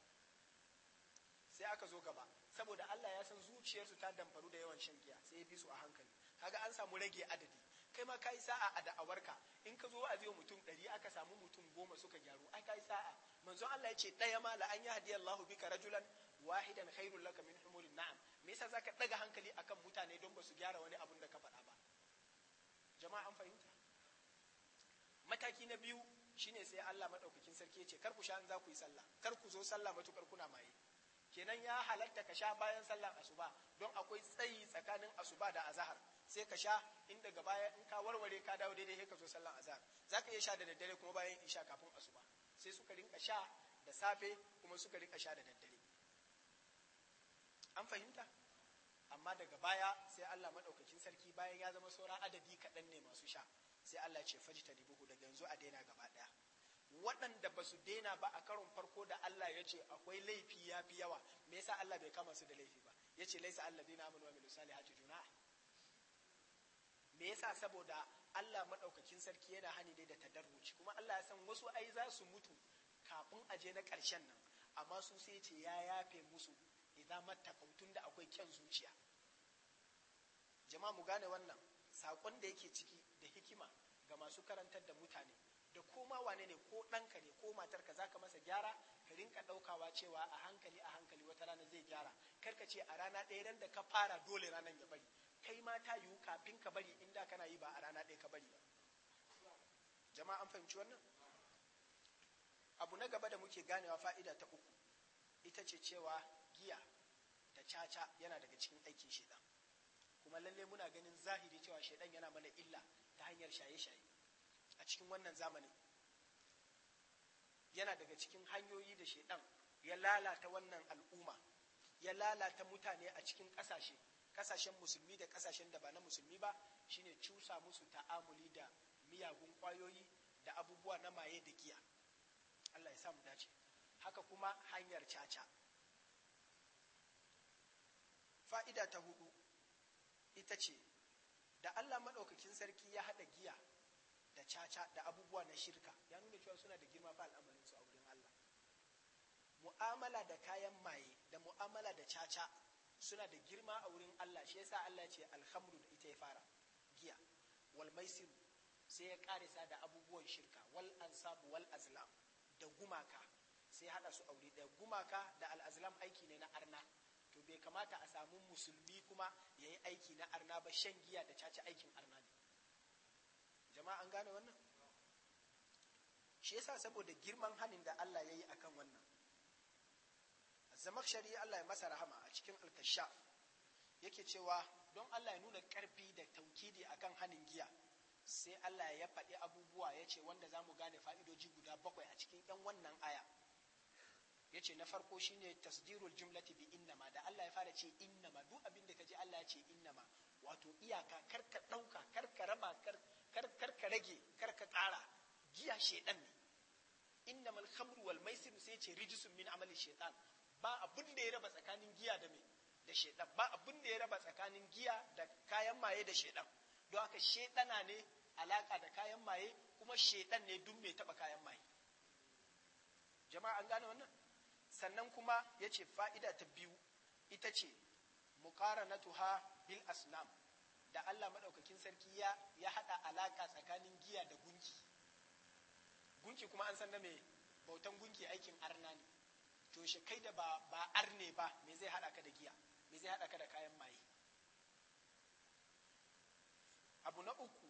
sai aka zo gaba saboda Allah ya san zuciyarsu ta damfaru da yawan shan giya sai ya bi su a hankali kaga an samu rage adadi kai ma kai sa'a a da'awarka in ka zo a mutum ɗari aka samu mutum goma suka gyaru ai kai sa'a manzon Allah ya ce ɗaya ma la an yi hadiyallahu bika rajulan wahidan khairul laka min humurin na'am me yasa zaka ɗaga hankali akan mutane don ba su gyara wani abun da ka faɗa ba jama'a an fahimta mataki na biyu shine sai Allah madaukakin sarki ya ce kar ku sha in za ku yi sallah kar ku zo sallah matukar kuna maye kenan ya halatta ka sha bayan sallar asuba don akwai tsayi tsakanin asuba da azahar sai ka sha in daga baya in ka warware ka dawo daidai sai ka zo sallar azahar zaka iya sha da daddare kuma bayan isha kafin asuba sai suka rinka sha da safe kuma suka rinka sha da daddare an fahimta amma daga baya sai Allah maɗaukakin sarki bayan ya zama saura adadi kaɗan ne masu sha sai Allah ce fajita buhu daga yanzu a daina gaba ɗaya waɗanda ba su daina ba a karon farko da Allah ya ce akwai laifi ya fi yawa me yasa Allah bai kama su da laifi ba ya ce laisa Allah dina amanu wa salihati juna me yasa saboda Allah maɗaukakin sarki yana hani dai da tadarruci kuma Allah ya san wasu ai za su mutu kafin aje na karshen nan amma su sai ce ya yafe musu idza mattaqaw da akwai kyan zuciya jama'a mu gane wannan sakon da yake ciki da hikima ga masu karantar da mutane da koma wane ne ko ɗanka ne ko matarka za ka masa gyara ka rinka ɗaukawa cewa a hankali a hankali wata rana zai gyara kar ka ce a rana ɗaya ran da ka fara dole ranan ya bari kai ma ta yiwu kafin ka bari inda kana yi ba a rana ɗaya ka bari ba jama'a an fahimci wannan abu na gaba da muke ganewa fa'ida ta uku ita ce cewa giya caca yana daga cikin aikin shaidan kuma lalle muna ganin zahiri cewa shaidan yana mana illa ta hanyar shaye-shaye a cikin wannan zamanin yana daga cikin hanyoyi da shaidan ya lalata wannan al'umma ya lalata mutane a cikin ƙasashe ƙasashen musulmi da ƙasashen da ba na musulmi ba shine cusa musu ta'amuli da miyagun ƙwayoyi da abubuwa na maye da giya Allah ya samu dace haka kuma hanyar caca fa'ida ta hudu ita ce da Allah maɗaukakin sarki ya haɗa giya da caca da abubuwa na shirka ya nuna cewa suna da girma fa al'amarin su a wurin Allah mu'amala da kayan maye da mu'amala da caca suna da girma a wurin Allah shi yasa Allah ce alhamdu da ita ya fara giya wal maisir sai ya karisa da abubuwan shirka wal ansabu wal azlam da gumaka sai haɗa su aure da gumaka da al'azlam aiki ne na arna bai kamata a samu musulmi kuma ya yi aiki na arna ba shan giya da caca aikin arna ne jama'a an gane wannan shi yasa saboda girman hanin da Allah ya yi akan wannan shari'a Allah ya masa rahama a cikin alkasha yake cewa don Allah ya nuna karfi da taukidi kan hannun giya sai Allah ya faɗi abubuwa ya ce wanda za mu gane fa'idoji guda bakwai a cikin ‘yan wannan aya’ yace na farko shine tasdirul jumlati bi innama da Allah ya fara ce innama duk abin da kaji Allah ya ce innama wato iyaka kar ka dauka kar raba kar kar rage kar kara giya shedan ne innamal khamru wal maisir sai ce rijisun min amali shaitan ba abin da ya raba tsakanin giya da me da shaitan ba abin da ya raba tsakanin giya da kayan maye da shaitan don haka shaitana ne alaka da kayan maye kuma shaitan ne duk mai taba kayan maye jama'a an gane wannan sannan kuma ya ce fa'ida ta biyu ita ce muqaranatuha bil asnam da Allah maɗaukakin sarki ya ya haɗa alaƙa tsakanin giya da gunki gunki kuma an san na me bautan gunki aikin arna ne to shi kai da ba ba arne ba me zai haɗa ka da giya me zai haɗa ka da kayan maye abu na uku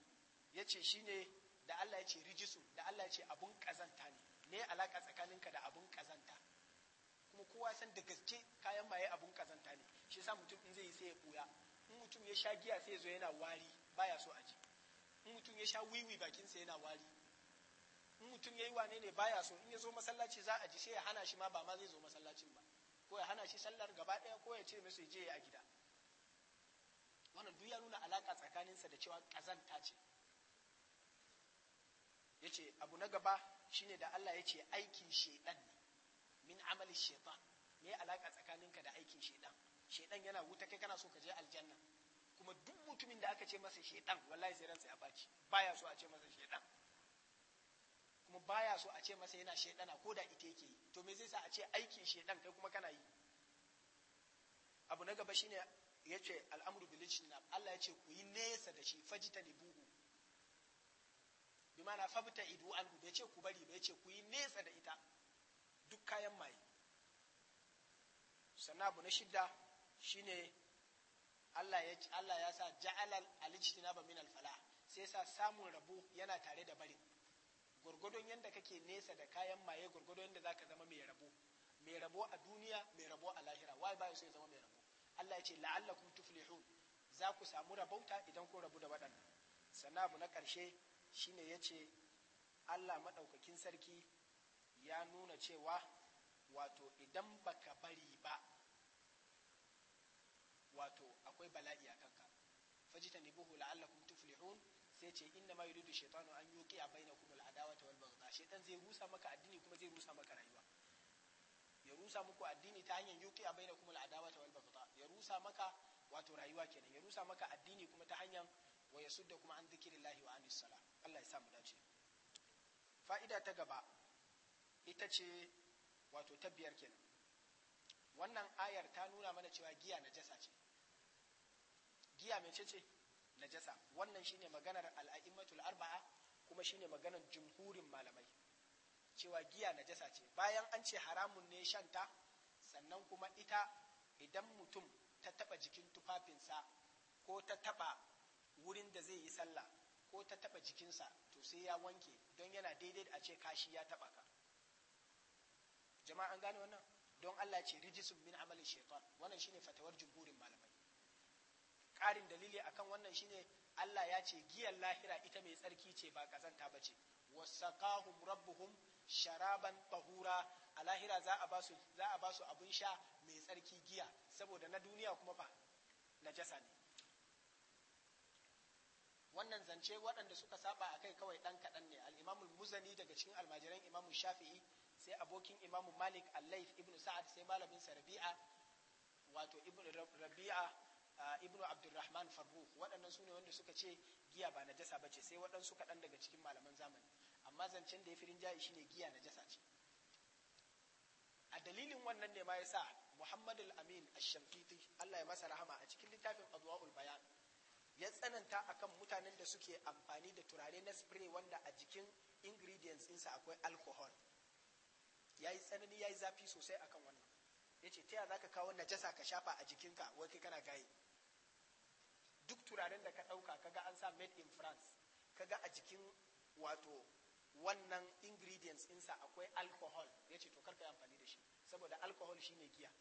ya ce shi ne da Allah ya ce rijisu da Allah ya ce abun ƙazanta ne me alaƙa tsakaninka da abun ƙazanta kuma kowa san da gaske kayan maye abun kazanta ne shi yasa mutum in zai yi sai ya buya in mutum ya sha giya sai ya zo yana wari baya so a ji in mutum ya sha wiwi bakin sa yana wari in mutum yayi wane ne baya so in ya zo masallaci za a ji sai ya hana shi ma ba ma zai zo masallacin ba ko ya hana shi sallar gaba ɗaya ko ya ce masa ya je ya a gida wannan duk ya nuna alaka tsakanin sa da cewa kazanta ce yace abu na gaba shine da Allah yace aikin shedan ne min amali shaitan me alaka tsakaninka da aikin shaitan shaitan yana wuta kai kana so ka je aljanna kuma duk mutumin da aka ce masa shaitan wallahi sai ransa ya baci baya so a ce masa shaitan kuma baya so a ce masa yana shaidana ko da ita yake yi to me zai sa a ce aikin shaidan kai kuma kana yi abu na gaba shine ya ce al'amru bil Allah yace ce ku yi nesa da shi fajita buhu bi ma'ana fabta idu anhu bai ce ku bari bai ce ku yi nesa da ita duk kayan maye sannan abu na shidda shine Allah ya Allah ya sa ja'alal alijtinaba min alfalah sai sa samun rabo yana tare da bari, gurgudun yadda kake nesa da kayan maye gurgudun yadda zaka zama mai rabo mai rabo a duniya mai rabo a lahira wai ba sai zama mai rabo Allah ya ce la'allakum tuflihun za ku samu rabauta idan ku rabu da waɗannan sannan abu na ƙarshe shine ce Allah maɗaukakin sarki ya nuna cewa wato idan baka bari ba wato akwai bala'i a kanka fajita ne buhu la'allakum tuflihun sai ce inda ma yuridu shaitanu an yuqi a adawa ta wal baghdha Shaitan zai rusa maka addini kuma zai rusa maka rayuwa ya rusa muku addini ta hanyar yuqi a adawa ta wal baghdha ya rusa maka wato rayuwa kenan ya rusa maka addini kuma ta hanyar wa kuma an dhikrillahi wa anis sala Allah ya sa mu dace fa'ida ta gaba ita ce wato ta kenan wannan ayar ta nuna mana cewa giya na jasa ce giya mai ce najasa wannan shine maganar al'a'immatul arba'a kuma shine maganar jumhurin malamai cewa giya na jasa ce bayan an ce haramun ne shanta sannan kuma ita idan mutum ta taba jikin tufafinsa ko ta taba wurin da zai yi sallah ko ta taba jikinsa to sai ya wanke don yana daidai a ce kashi ya taba ka jama'a an gane wannan don Allah ce rijisun min amalin shaitan wannan shine fatawar jumhurin malamai ƙarin dalili akan wannan shine Allah ya ce giyar lahira ita mai tsarki ce ba kazanta ba ce wasaqahum rabbuhum sharaban tahura a lahira za a basu za a basu abun sha mai tsarki giya saboda na duniya kuma ba najasa ne wannan zance waɗanda suka saba akai kawai ɗan kaɗan ne al-imamul muzani daga cikin almajiran imamu shafi'i sai abokin imamu malik al-laif sa'ad sai malamin sa rabi'a wato rabi'a ah, Ibnu abdurrahman farruh waɗannan su ne wanda suka ce giya ba najasa ce, sai waɗansu kaɗan daga cikin malaman zamani amma zancen da ya fi rinjaye shine giya najasa ce a dalilin wannan ne ma sa Muhammad al-Amin ash-Shankiti Allah ya masa rahama a cikin littafin Adwaul Bayan ya tsananta akan mutanen da suke amfani da turare na spray wanda a jikin ingredients ɗinsa akwai alcohol ya yi tsanani ya yi zafi sosai akan wannan ya ce ta za ka kawo najasa ka shafa a jikinka wai kai kana gaye duk turaren da ka ɗauka kaga an sa made in france kaga a jikin wato wannan ingredients insa akwai alcohol ya ce to karka yi amfani da shi saboda alcohol ne giya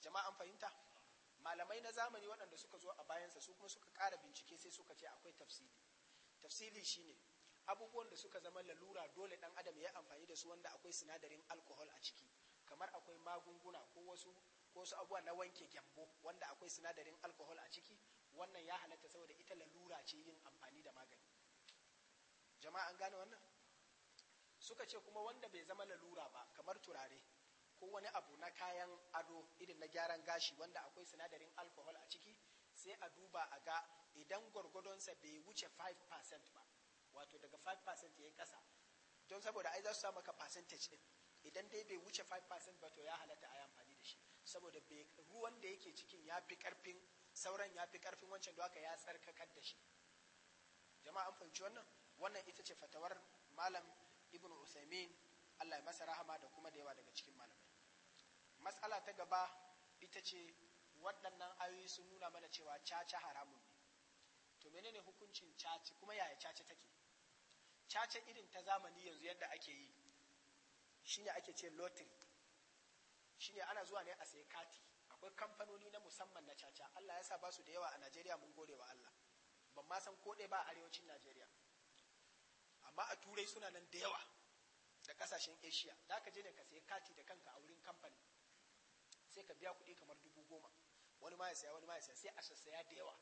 jama'a an fahimta malamai na zamani waɗanda suka zo a bayansa su kuma suka kara bincike sai suka ce akwai tafsili tafsili shine abubuwan da suka zama lalura dole dan adam ya amfani da su wanda akwai sinadarin alkohol a ciki kamar akwai magunguna ko wasu ko su abubuwa na wanke gyambo wanda akwai sinadarin alkohol a ciki wannan ya halatta saboda ita lalura ce yin amfani da magani jama'a an gane wannan suka ce kuma wanda bai zama lalura ba kamar turare ko wani abu na kayan ado irin na gyaran gashi wanda akwai sinadarin alkohol a ciki sai a duba a ga idan gwargwadonsa bai wuce 5% ba wato daga 5% ya yi ƙasa don saboda ai za su sa maka percentage din idan dai bai wuce 5% ba to ya halatta a yi amfani da shi saboda ruwan da yake cikin ya fi ƙarfin sauran ya fi ƙarfin wancan da ya tsarkakar da shi jama'a an fahimci wannan wannan ita ce fatawar malam Ibn usaimin allah ya masa rahama da kuma da yawa daga cikin malamai matsala ta gaba ita ce waɗannan ayoyi sun nuna mana cewa caca haramun ne to menene hukuncin caci kuma yaya caci take caca irin ta zamani yanzu yadda ake yi shine ake ce lottery shine ana zuwa ne a sayi kati akwai kamfanoni na musamman na caca Allah ya sa ba su da yawa a Najeriya mun gode wa Allah ban ma san ko ba a arewacin Najeriya amma a turai suna nan da yawa da kasashen Asia da ka je ne ka sayi kati da kanka a wurin kamfani sai ka biya kuɗi kamar dubu goma wani ma ya saya wani ma ya saya sai a sassaya da yawa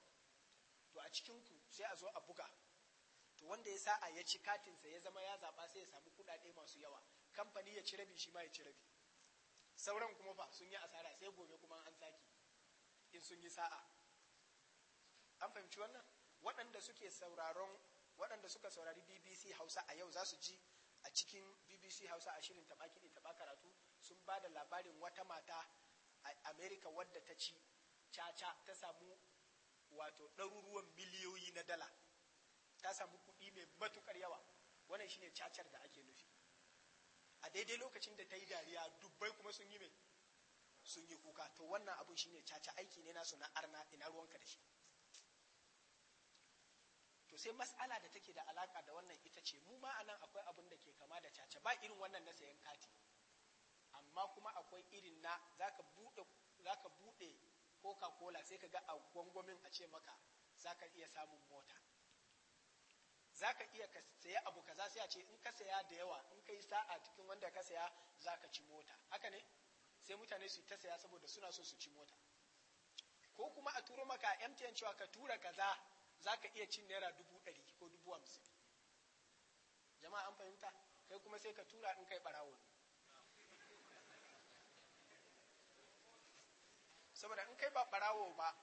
to a cikin ku sai a zo a buga to wanda ya sa'a ya ci katinsa ya zama ya zaɓa sai ya samu kudade masu yawa kamfani ya ci rabi shi ma ya ci rabi sauran kuma fa sun yi asara sai gobe kuma an sake in sun yi sa'a an fahimci wannan waɗanda suke sauraron waɗanda suka saurari bbc hausa a yau za su ji a cikin bbc hausa a shirin taɓa kiɗi taɓa karatu sun ba da labarin wata mata a america wadda ta ci caca ta samu wato ɗaruruwan miliyoyi na dala ta samu kuɗi mai matuƙar yawa wannan shine cacar da ake nufi a daidai lokacin da ta yi dariya dubbai kuma sun yi mai sun yi kuka to wannan abun shine caca aiki ne nasu na arna ina ruwanka da shi to sai mas'ala da take da alaka da wannan ita ce mu ma anan akwai abun da ke kama da caca ba irin wannan na sayan kati amma kuma akwai irin na zaka bude zaka bude coca cola sai ka ga a gwangwamin a ce maka zaka iya samun mota za ka iya ka saya abu kaza sai a ce in ka saya da yawa in ka yi sa'a cikin wanda ka saya za ka ci mota haka ne sai mutane su ta saya saboda suna so su ci mota ko kuma a turo maka MTN cewa ka tura kaza za ka iya cin naira dubu ɗari ko dubu hamsin jama'a an fahimta kai kuma sai ka tura in kai ɓarawo ne saboda in kai ba ɓarawo ba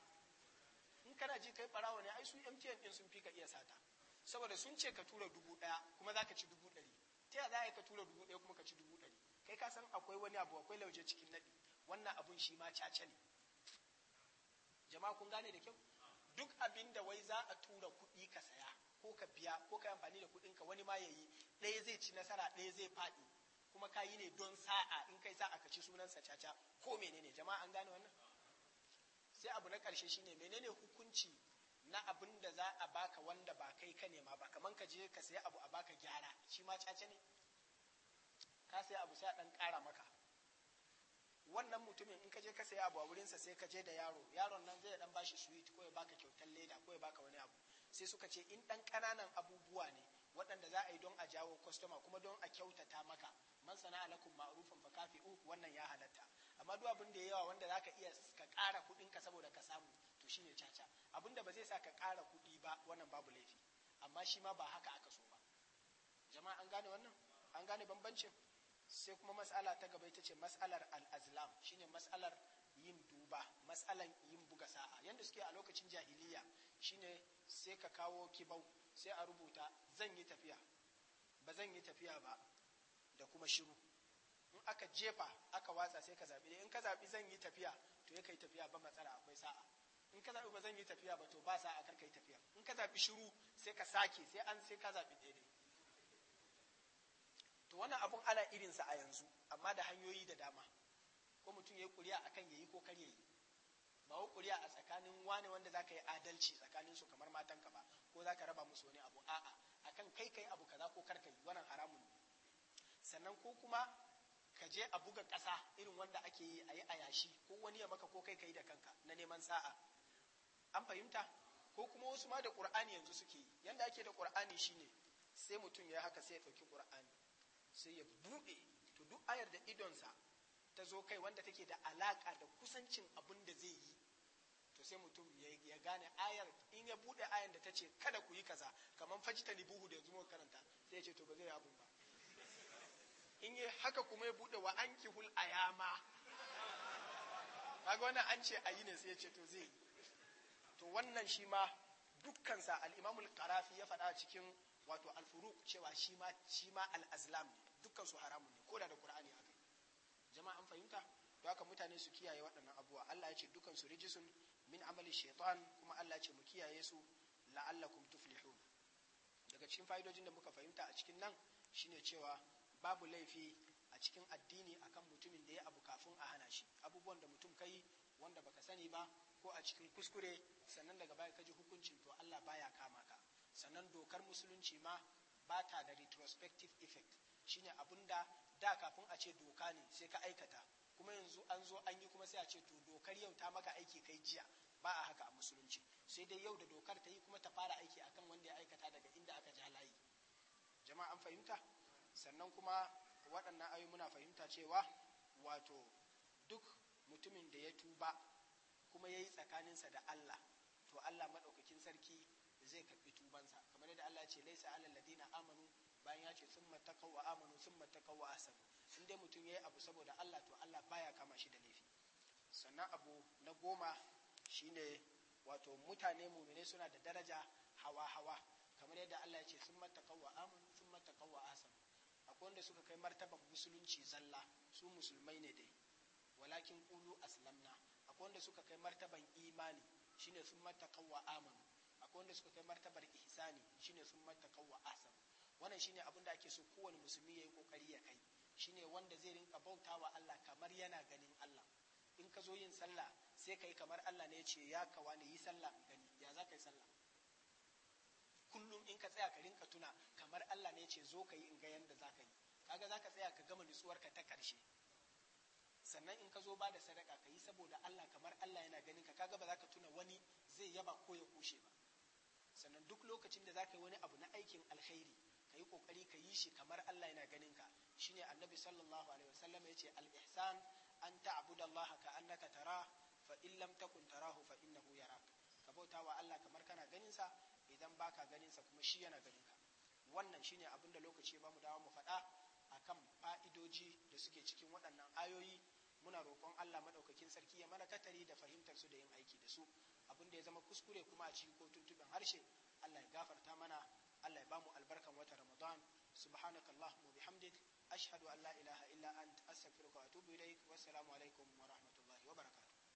in kana ji kai ɓarawo ne ai su MTN ɗin sun fi ka iya sata saboda sun ce ka tura dubu ɗaya kuma za ka ci dubu ɗari ta yaya za ka tura dubu ɗaya kuma ka ci dubu ɗari kai ka san akwai wani abu akwai lauje cikin naɗi wannan abun shi ma caca ne jama'a kun gane da kyau duk abin da wai za a tura kuɗi ka saya ko ka biya ko ka amfani da kuɗinka wani ma ya yi ɗaya zai ci nasara ɗaya zai faɗi kuma ka yi ne don sa'a in kai sa'a ka ci sunansa caca ko menene jama'a an gane wannan sai abu na karshe shine menene hukunci na abin da za a baka wanda ba kai ka nema ba kaman ka je ka sayi abu a baka gyara shi ma caca ne ka sayi abu sai a dan ƙara maka wannan mutumin in ka je ka sayi abu a wurinsa sai ka je da yaro yaron nan zai dan bashi sweet ko ya baka kyautar leda ko ya baka wani abu sai suka ce in dan kananan abubuwa ne waɗanda za a yi don a jawo kwastoma kuma don a kyautata maka man sana'a lakun ma'rufan fa kafi'u wannan ya halatta amma duk abin da ya yawa wanda zaka iya ka ƙara kuɗin ka saboda ka samu to shine caca abinda ba zai sa ka kara kuɗi ba wannan babu laifi amma shi ma ba haka aka so ba jama'a an gane wannan an gane bambancin sai kuma mas'ala ta gaba ita ce mas'alar al shine mas'alar yin duba mas'alan yin buga sa'a yanda suke a lokacin jahiliya shine sai ka kawo kibau sai a rubuta zan yi tafiya ba zan yi tafiya ba da kuma shiru in aka jefa aka watsa sai ka zaɓi in ka zabi zan yi tafiya to ya kai tafiya ba matsala akwai sa'a in ka zaɓi ba zan yi tafiya ba to ba sa a karka yi tafiya in ka zaɓi shiru sai ka sake sai an sai ka zaɓi daidai to wannan abun ana irin sa a yanzu amma da hanyoyi da dama ko mutum ya yi ƙuri'a akan ya yi ko kar ya yi ba ƙuri'a a tsakanin wane wanda za ka yi adalci tsakanin su kamar matan ka ba ko za ka raba musu wani abu a'a akan kai kai abu kaza ko kar ka yi wannan haramun ne sannan ko kuma ka je a buga ƙasa irin wanda ake yi a yi a yashi ko wani ya maka ko kai ka yi da kanka na neman sa'a an fahimta ko kuma wasu ma da qur'ani yanzu suke yi yanda ake da qur'ani shine sai mutum ya haka sai ya ɗauki qur'ani sai ya buɗe to duk ayar da idonsa ta zo kai wanda take da alaka da kusancin abin da zai yi to sai mutum ya gane ayar in ya buɗe ayar da ta ce kada ku yi kaza kamar fajita libuhu da yanzu muka karanta sai ya ce to ba zai abun ba in yi haka kuma ya buɗe wa an kihul ayama kaga wannan an ce a yi ne sai ya ce to zai yi to wannan shi ma dukkansa al-Imam al-Qarafi ya faɗa cikin wato al-Furuq cewa shi ma shi ma al-azlam ne dukkan haramun ne koda da Qur'ani haka jama'a an fahimta to haka mutane su kiyaye waɗannan abubuwa Allah ya ce dukkan su rijisun min amali shaitan kuma Allah ya ce mu kiyaye su la'allakum tuflihun daga cikin fa'idojin da muka fahimta a cikin nan shine cewa babu laifi a cikin addini akan mutumin da ya abu kafin a hana shi abubuwan da mutum kai wanda baka sani ba ko a cikin kuskure sannan daga baya ka ji hukuncin to Allah baya kama ka sannan dokar musulunci ma ba ta da retrospective effect shine abun da da kafin a ce doka ne sai ka aikata kuma yanzu an zo an yi kuma sai a ce to dokar yau ta maka aiki kai jiya ba a haka a musulunci sai dai yau da dokar ta yi kuma ta fara aiki akan wanda ya aikata daga inda aka ja layi jama'a an fahimta sannan kuma waɗannan ayoyi muna fahimta cewa wato duk mutumin da ya tuba kuma ya yi tsakaninsa da Allah to Allah maɗaukakin sarki zai karɓi tubansa kamar yadda Allah ce laisa alal ladina amanu bayan ya ce sun matakau wa amanu sun matakau wa asabu in dai mutum ya yi abu saboda Allah to Allah baya kama shi da laifi sannan abu na goma shine wato mutane mumine suna da daraja hawa hawa kamar yadda Allah ya ce sun matakau wa amanu sun matakau wa asabu akwai wanda suka kai martaba musulunci zalla su musulmai ne dai walakin qulu aslamna akwai wanda suka kai martaban imani shine sun mata kawwa amanu akwai wanda suka kai martabar ihsani shine sun mata kawwa ahsanu wannan shine abin da ake so kowane musulmi yayi kokari ya kai shine wanda zai rinka bautawa Allah kamar yana ganin Allah in ka zo yin sallah sai kai kamar Allah ne ya ce ya kawa ne yi sallah gani ya za ka yi sallah kullum in ka tsaya ka rinka tuna kamar Allah ne ya ce zo ka yi in ga yanda za ka yi kaga za ka tsaya ka gama nutsuwarka ta ƙarshe sannan in ka zo ba da sadaka ka yi saboda Allah kamar Allah yana ganin ka kaga ba za ka tuna wani zai yaba ko ya kushe ba sannan duk lokacin da za ka yi wani abu na aikin alkhairi ka yi kokari ka yi shi kamar Allah yana ganin ka shine annabi sallallahu alaihi wasallam yace al ihsan an ta'budallaha ka annaka tara fa in lam takun tarahu fa innahu yarak ka bauta wa Allah kamar kana ganin sa idan baka ganin sa kuma shi yana ganin ka wannan shine abin da lokaci ba mu dawo mu faɗa akan fa'idoji da suke cikin waɗannan ayoyi muna roƙon Allah madaukakin sarki ya mana katari da fahimtar su da yin aiki da su abin da ya zama kuskure kuma a ciki ko tuntuɓen harshe Allah ya gafarta mana Allah ya bamu albarkan watan Ramadan subhanaka allahumma bihamdik ashhadu an la ilaha illa ant astaghfiruka wa atubu ilaik wassalamu alaikum wa rahmatullahi